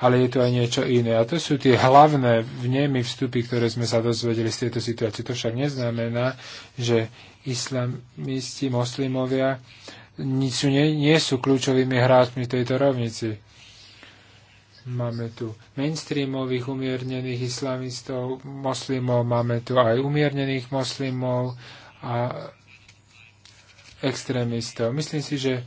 ale je tu aj niečo iné. A to sú tie hlavné vnemy vstupy, ktoré sme sa dozvedeli z tejto situácie. To však neznamená, že islamisti, moslimovia sú, nie, nie sú kľúčovými hráčmi v tejto rovnici. Máme tu mainstreamových umiernených islamistov, moslimov, máme tu aj umiernených moslimov, a extrémistov. Myslím si, že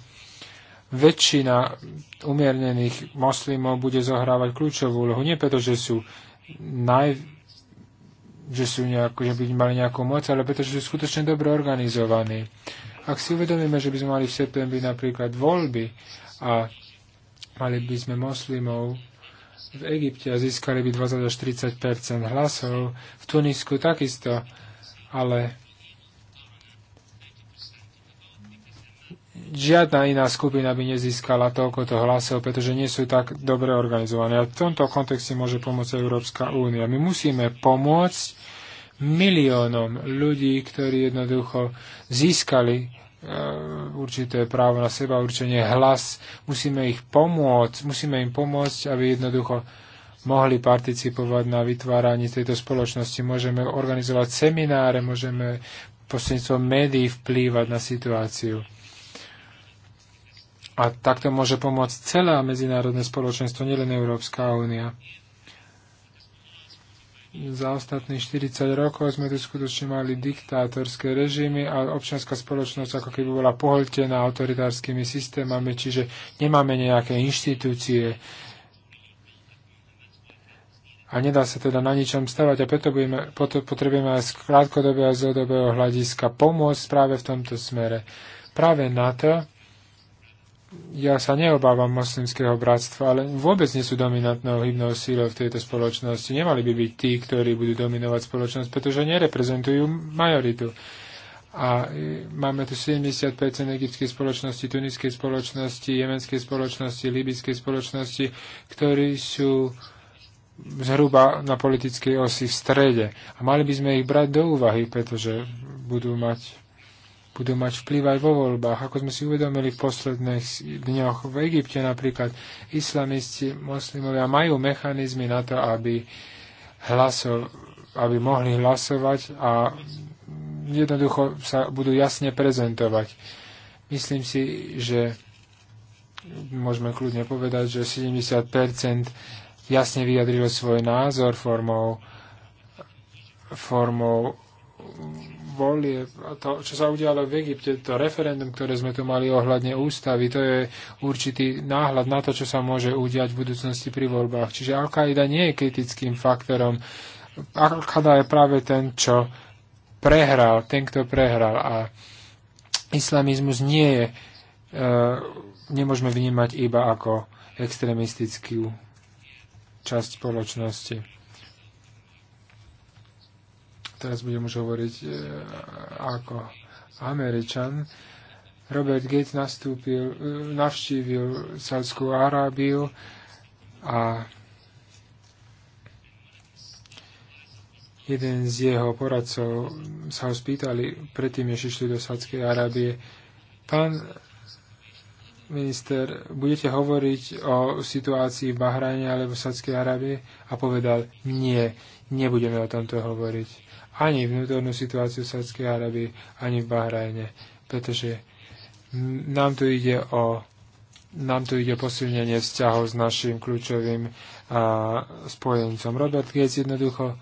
väčšina umiernených moslimov bude zohrávať kľúčovú úlohu. Nie preto, že sú naj, že, sú nejako, že by mali nejakú moc, ale pretože sú skutočne dobre organizovaní. Ak si uvedomíme, že by sme mali v septembri napríklad voľby a mali by sme moslimov v Egypte a získali by 20 až 30 hlasov, v Tunisku takisto, ale žiadna iná skupina by nezískala toľko to hlasov, pretože nie sú tak dobre organizované. A v tomto kontexte môže pomôcť Európska únia. My musíme pomôcť miliónom ľudí, ktorí jednoducho získali e, určité právo na seba, určenie hlas. Musíme ich pomôcť, musíme im pomôcť, aby jednoducho mohli participovať na vytváraní tejto spoločnosti. Môžeme organizovať semináre, môžeme prostredníctvom médií vplývať na situáciu. A takto môže pomôcť celé medzinárodné spoločenstvo, nielen Európska únia. Za ostatných 40 rokov sme tu skutočne mali diktátorské režimy a občianská spoločnosť ako keby bola pohltená autoritárskymi systémami, čiže nemáme nejaké inštitúcie, a nedá sa teda na ničom stavať a preto budeme, potrebujeme aj z krátkodobého a z hľadiska pomôcť práve v tomto smere. Práve na to, ja sa neobávam moslimského bratstva, ale vôbec nie sú dominantnou hybnou síľou v tejto spoločnosti. Nemali by byť tí, ktorí budú dominovať spoločnosť, pretože nereprezentujú majoritu. A e, máme tu 70% egyptskej spoločnosti, tuniskej spoločnosti, jemenskej spoločnosti, libyskej spoločnosti, ktorí sú zhruba na politickej osi v strede. A mali by sme ich brať do úvahy, pretože budú mať budú mať vplyv aj vo voľbách. Ako sme si uvedomili v posledných dňoch v Egypte napríklad, islamisti, moslimovia majú mechanizmy na to, aby, hlasol, aby mohli hlasovať a jednoducho sa budú jasne prezentovať. Myslím si, že môžeme kľudne povedať, že 70 jasne vyjadrilo svoj názor formou, formou volie, to, čo sa udialo v Egypte, to referendum, ktoré sme tu mali ohľadne ústavy, to je určitý náhľad na to, čo sa môže udiať v budúcnosti pri voľbách. Čiže Al-Qaida nie je kritickým faktorom. Al-Qaida je práve ten, čo prehral, ten, kto prehral. A islamizmus nie je, e, nemôžeme vnímať iba ako extremistickú časť spoločnosti teraz budem už hovoriť e, ako Američan, Robert Gates nastúpil, e, navštívil Sádskú Arábiu a jeden z jeho poradcov sa ho spýtali predtým, než išli do Sádskej Arábie, pán minister, budete hovoriť o situácii v Bahrajne alebo v Sádskej Arábie? A povedal, nie, nebudeme o tomto hovoriť ani vnútornú situáciu v Sádskej Arabii, ani v Bahrajne, pretože nám tu ide o nám tu ide posilnenie vzťahov s našim kľúčovým a, spojencom. Robert Gates jednoducho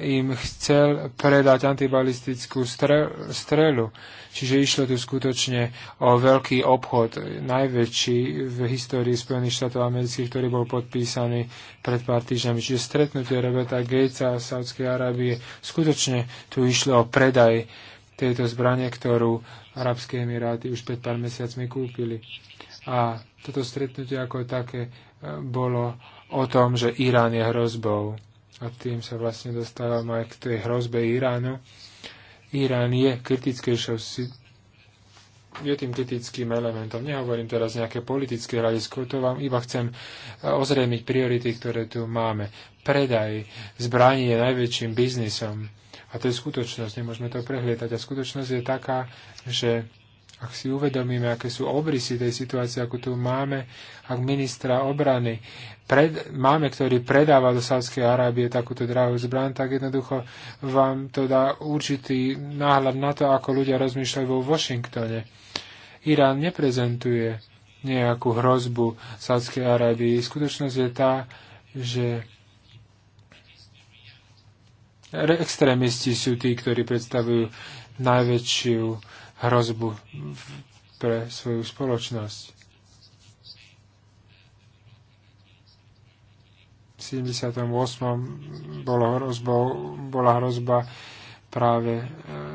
im chcel predať antibalistickú strelu. Čiže išlo tu skutočne o veľký obchod, najväčší v histórii Spojených štátov amerických, ktorý bol podpísaný pred pár týždňami. Čiže stretnutie Roberta Gatesa v Saudskej Arábie skutočne tu išlo o predaj tejto zbrane, ktorú Arabské Emiráty už pred pár mesiacmi kúpili. A toto stretnutie ako také e, bolo o tom, že Irán je hrozbou a tým sa vlastne dostávam aj k tej hrozbe Iránu. Irán je kritickejšou je tým kritickým elementom. Nehovorím teraz nejaké politické hľadisko, to vám iba chcem e, ozrejmiť priority, ktoré tu máme. Predaj zbraní je najväčším biznisom. A to je skutočnosť, nemôžeme to prehliadať. A skutočnosť je taká, že ak si uvedomíme, aké sú obrysy tej situácie, ako tu máme, ak ministra obrany pred, máme, ktorý predáva do Sávskej Arábie takúto drahú zbran, tak jednoducho vám to dá určitý náhľad na to, ako ľudia rozmýšľajú vo Washingtone. Irán neprezentuje nejakú hrozbu Sádskej Arábii. Skutočnosť je tá, že extrémisti sú tí, ktorí predstavujú najväčšiu hrozbu pre svoju spoločnosť. V 78. Bolo hrozbou, bola hrozba práve e,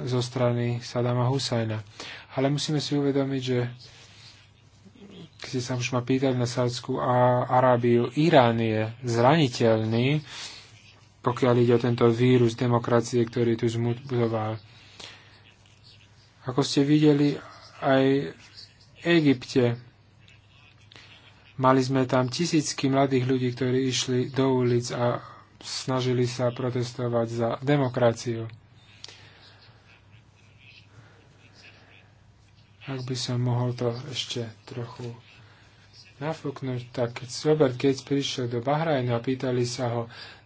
zo strany Sadama Husajna. Ale musíme si uvedomiť, že keď si sa už ma pýtať na Sádskú a Arábiu, Irán je zraniteľný, pokiaľ ide o tento vírus demokracie, ktorý tu zmutoval. Ako ste videli aj v Egypte, mali sme tam tisícky mladých ľudí, ktorí išli do ulic a snažili sa protestovať za demokraciu. Ak by som mohol to ešte trochu nafúknuť, tak Robert Gates prišiel do Bahrajnu a pýtali sa ho,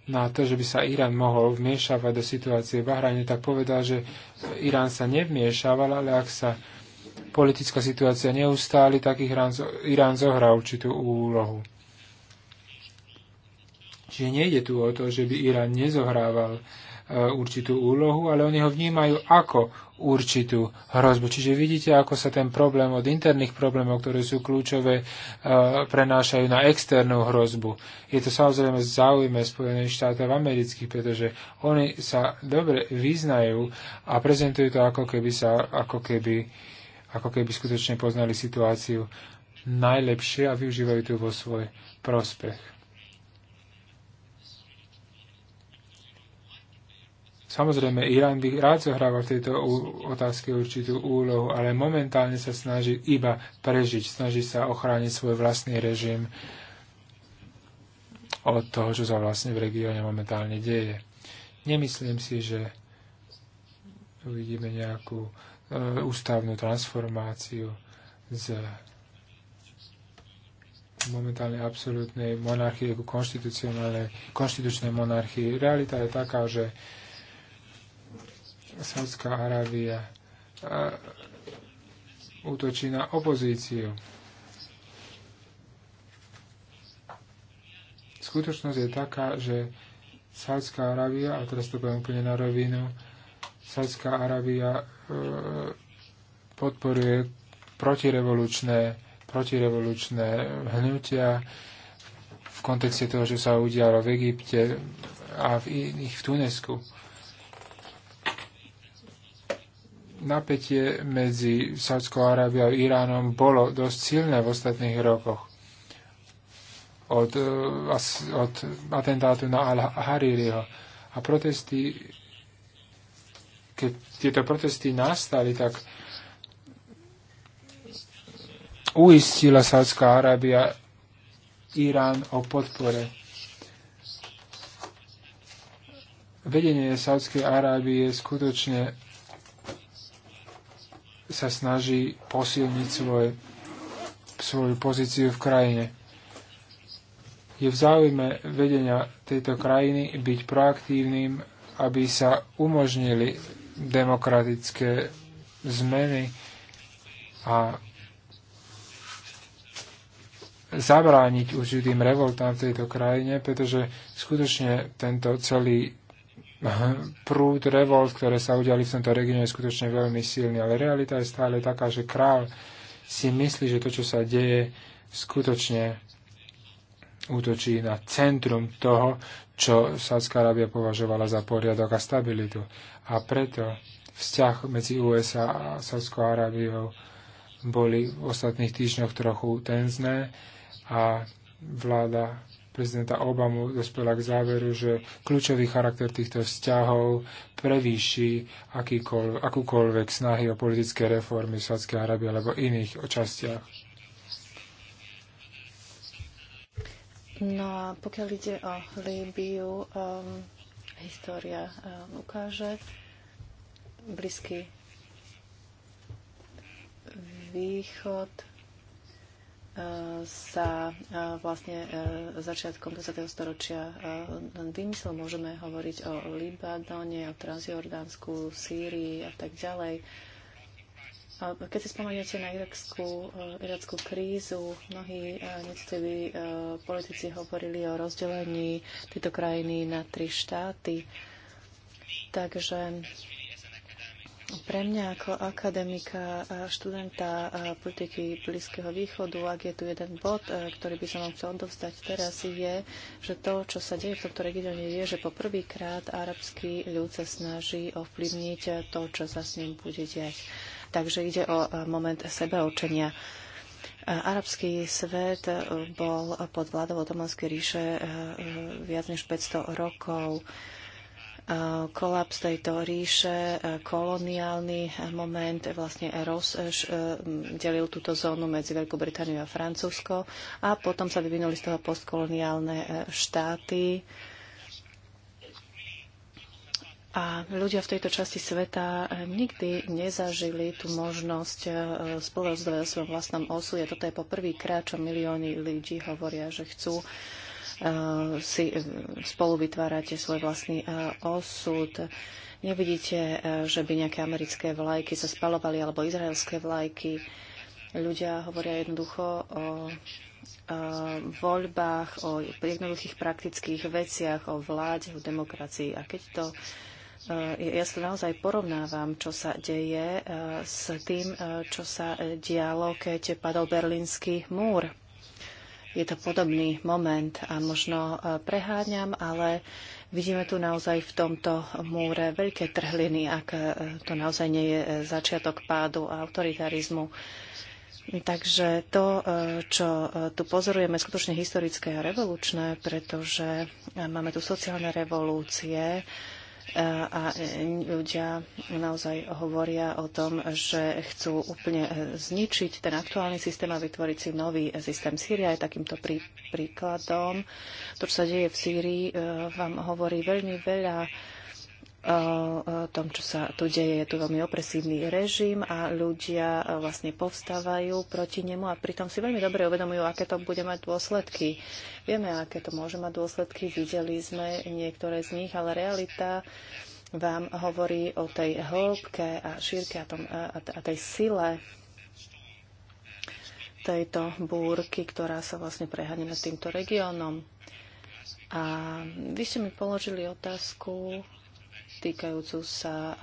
na to, že by sa Irán mohol vmiešavať do situácie v Bahrajne, tak povedal, že Irán sa nevmiešaval, ale ak sa politická situácia neustáli, tak Irán, Irán zohrá určitú úlohu. Čiže nejde tu o to, že by Irán nezohrával E, určitú úlohu, ale oni ho vnímajú ako určitú hrozbu. Čiže vidíte, ako sa ten problém od interných problémov, ktoré sú kľúčové, e, prenášajú na externú hrozbu. Je to samozrejme záujme Spojených štátov amerických, pretože oni sa dobre vyznajú a prezentujú to ako keby sa, ako keby, ako keby skutočne poznali situáciu najlepšie a využívajú to vo svoj prospech. Samozrejme, Irán by rád zohrával v tejto otázke určitú úlohu, ale momentálne sa snaží iba prežiť, snaží sa ochrániť svoj vlastný režim od toho, čo sa vlastne v regióne momentálne deje. Nemyslím si, že uvidíme nejakú e, ústavnú transformáciu z momentálne absolútnej monarchie ku konštitucionálnej, konštitučnej monarchii. Realita je taká, že Saudská Arábia útočí na opozíciu. Skutočnosť je taká, že Saudská Arábia, a teraz to poviem úplne na rovinu, Saudská Arábia e, podporuje protirevolučné, protirevolučné hnutia v kontexte toho, čo sa udialo v Egypte a v iných v Tunesku. napätie medzi Sádskou Arábiou a Iránom bolo dosť silné v ostatných rokoch. Od, e, od atentátu na Al-Haririho. A protesty, keď tieto protesty nastali, tak uistila Sádská Arábia Irán o podpore. Vedenie Sádskej Arábie skutočne sa snaží posilniť svoje, svoju pozíciu v krajine. Je v záujme vedenia tejto krajiny byť proaktívnym, aby sa umožnili demokratické zmeny a zabrániť určitým revoltám v tejto krajine, pretože skutočne tento celý prúd revolt, ktoré sa udiali v tomto regióne, je skutočne veľmi silný. Ale realita je stále taká, že král si myslí, že to, čo sa deje, skutočne útočí na centrum toho, čo Sádzka Arábia považovala za poriadok a stabilitu. A preto vzťah medzi USA a Sádzkou Arábiou boli v ostatných týždňoch trochu tenzné a vláda prezidenta Obamu dospela k záveru, že kľúčový charakter týchto vzťahov prevýši akúkoľvek snahy o politické reformy v Sádskej Arabii alebo iných častiach. No a pokiaľ ide o Líbiu, um, história um, ukáže blízky východ sa e, vlastne e, začiatkom 20. storočia e, vymyslel. Môžeme hovoriť o Libanone, o Transjordánsku, Sýrii a tak ďalej. keď si spomeniete na irackú, irackú krízu, mnohí necitliví politici hovorili o rozdelení tejto krajiny na tri štáty. Takže pre mňa ako akademika a študenta politiky Blízkeho východu, ak je tu jeden bod, e, ktorý by som vám chcel odovzdať teraz, je, že to, čo sa deje v tomto regióne, je, že poprvýkrát arabský ľud sa snaží ovplyvniť to, čo sa s ním bude diať. Takže ide o e, moment sebeočenia. E, arabský svet bol pod vládou Otomanskej ríše viac než 500 rokov kolaps tejto ríše, koloniálny moment vlastne Eros eh, eh, delil túto zónu medzi Veľkú Britániu a Francúzsko a potom sa vyvinuli z toho postkoloniálne eh, štáty. A ľudia v tejto časti sveta nikdy nezažili tú možnosť spolurozhodovať o svojom vlastnom A Toto je poprvýkrát, čo milióny ľudí hovoria, že chcú Eh, si eh, spolu vytvárate svoj vlastný eh, osud. Nevidíte, že by nejaké americké vlajky sa spalovali alebo izraelské vlajky. Ľudia hovoria jednoducho o voľbách, o jednoduchých praktických veciach, o vláde, o demokracii. A keď to ja sa naozaj porovnávam, čo sa deje s tým, čo sa dialo, keď padol berlínsky múr je to podobný moment a možno e, preháňam, ale vidíme tu naozaj v tomto múre veľké trhliny, ak e, to naozaj nie je e, začiatok pádu a autoritarizmu. Takže to, čo tu pozorujeme, je skutočne historické a revolučné, pretože máme tu sociálne revolúcie, a ľudia naozaj hovoria o tom, že chcú úplne e, zničiť ten aktuálny systém a vytvoriť si nový systém. Sýria je takýmto prí, príkladom. To, čo sa deje v Sýrii, e, vám hovorí veľmi veľa o tom, čo sa tu deje. Je tu veľmi opresívny režim a ľudia e, vlastne povstávajú proti nemu a pritom si veľmi dobre uvedomujú, aké to bude mať dôsledky. Vieme, aké to môže mať dôsledky, videli sme niektoré z nich, ale realita vám hovorí o tej hĺbke a šírke a, tom, a tej sile tejto búrky, ktorá sa vlastne preháňa nad týmto regiónom. A vy ste mi položili otázku, týkajúcu sa e,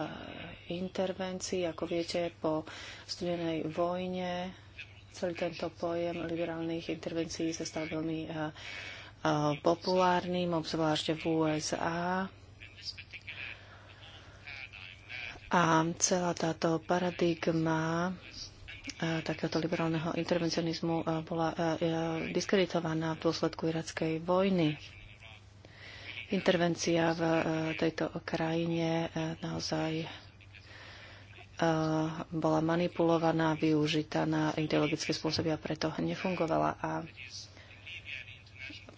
intervencií. Ako viete, po studenej vojne celý tento pojem liberálnych intervencií sa stal veľmi e, e, populárnym, obzvlášť v USA. A celá táto paradigma takéhoto liberálneho intervencionizmu bola diskreditovaná v dôsledku irackej vojny intervencia v e, tejto krajine e, naozaj e, bola manipulovaná, využitá na ideologické spôsoby a preto nefungovala. A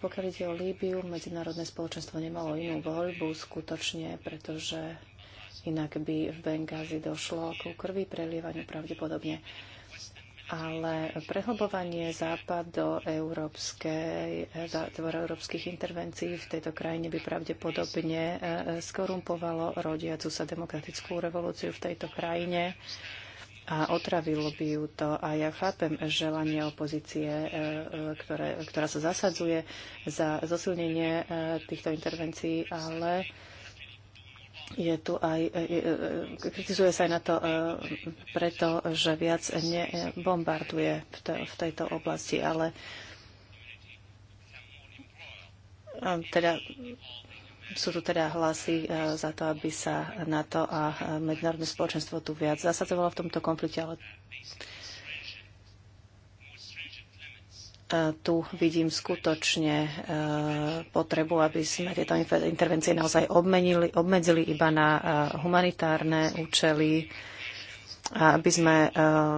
pokiaľ ide o Líbiu, medzinárodné spoločenstvo nemalo inú voľbu skutočne, pretože inak by v Bengázi došlo ku krvi prelievaniu pravdepodobne ale prehlbovanie západ do západoeurópskej, európskych intervencií v tejto krajine by pravdepodobne e, skorumpovalo rodiacu sa demokratickú revolúciu v tejto krajine a otravilo by ju to. A ja chápem želanie opozície, e, e, ktoré, ktorá sa zasadzuje za zosilnenie týchto intervencií, ale je tu aj, e, e, e, kritizuje sa aj na to preto, že viac nebombarduje v, tejto oblasti, ale teda sú tu teda hlasy za to, aby sa NATO a medzinárodné spoločenstvo tu viac zasadzovalo v tomto konflikte, ale E, tu vidím skutočne e, potrebu, aby sme tieto intervencie naozaj obmenili, obmedzili iba na e, humanitárne účely, a aby sme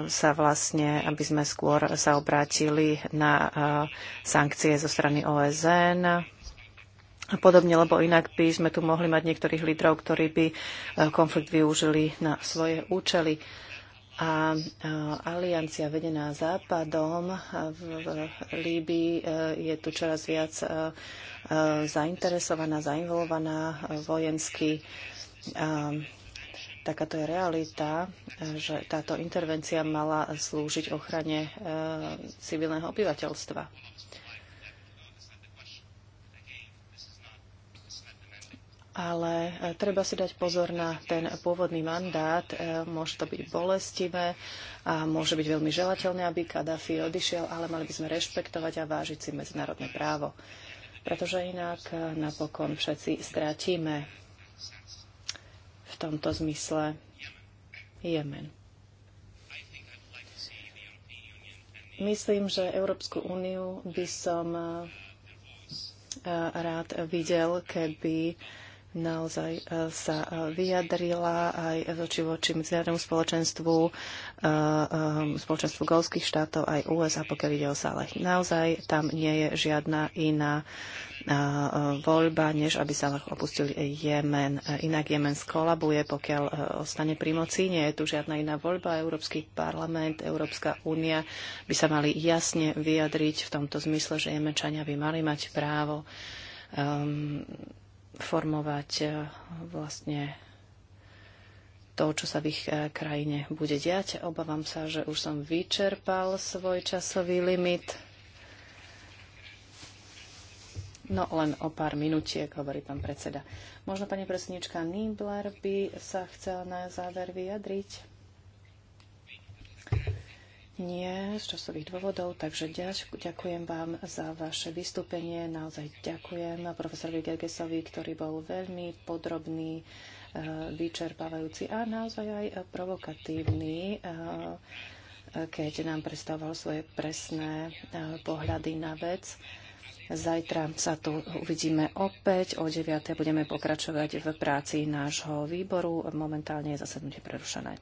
sa vlastne, aby sme skôr sa obrátili na sankcie zo strany OSN a podobne, lebo inak by sme tu mohli mať niektorých lídrov, ktorí by konflikt využili na svoje účely. A eh, aliancia vedená západom v Líbii eh, je tu čoraz viac eh, zainteresovaná, zainvolovaná vojensky. Takáto je realita, že táto intervencia mala slúžiť ochrane civilného obyvateľstva. ale e, treba si dať pozor na ten pôvodný mandát. E, môže to byť bolestivé a môže byť veľmi želateľné, aby Kadafi odišiel, ale mali by sme rešpektovať a vážiť si medzinárodné právo. Pretože inak e, napokon všetci strátime v tomto zmysle Jemen. Myslím, že Európsku úniu by som rád videl, keby naozaj e, sa e, vyjadrila aj voči voči medzinárodnému spoločenstvu, e, spoločenstvu golských štátov aj USA, pokiaľ ide o sále. Naozaj tam nie je žiadna iná voľba, než aby sa opustil Jemen. Inak Jemen skolabuje, pokiaľ ostane pri moci. Nie je tu žiadna iná voľba. Európsky parlament, Európska únia by sa mali jasne vyjadriť v tomto zmysle, že Jemenčania by mali mať právo um, formovať eh, vlastne to, čo sa v ich eh, krajine bude diať. Obávam sa, že už som vyčerpal svoj časový limit. No len o pár minutiek, hovorí pán predseda. Možno pani presnička Nibler by sa chcela na záver vyjadriť. Nie, z časových dôvodov, takže ďakujem vám za vaše vystúpenie. Naozaj ďakujem profesorovi Gergesovi, ktorý bol veľmi podrobný, eh, vyčerpávajúci a naozaj aj provokatívny, eh, keď nám predstavoval svoje presné eh, pohľady na vec. Zajtra sa tu uvidíme opäť. O 9. budeme pokračovať v práci nášho výboru. Momentálne je zasadnutie prerušené.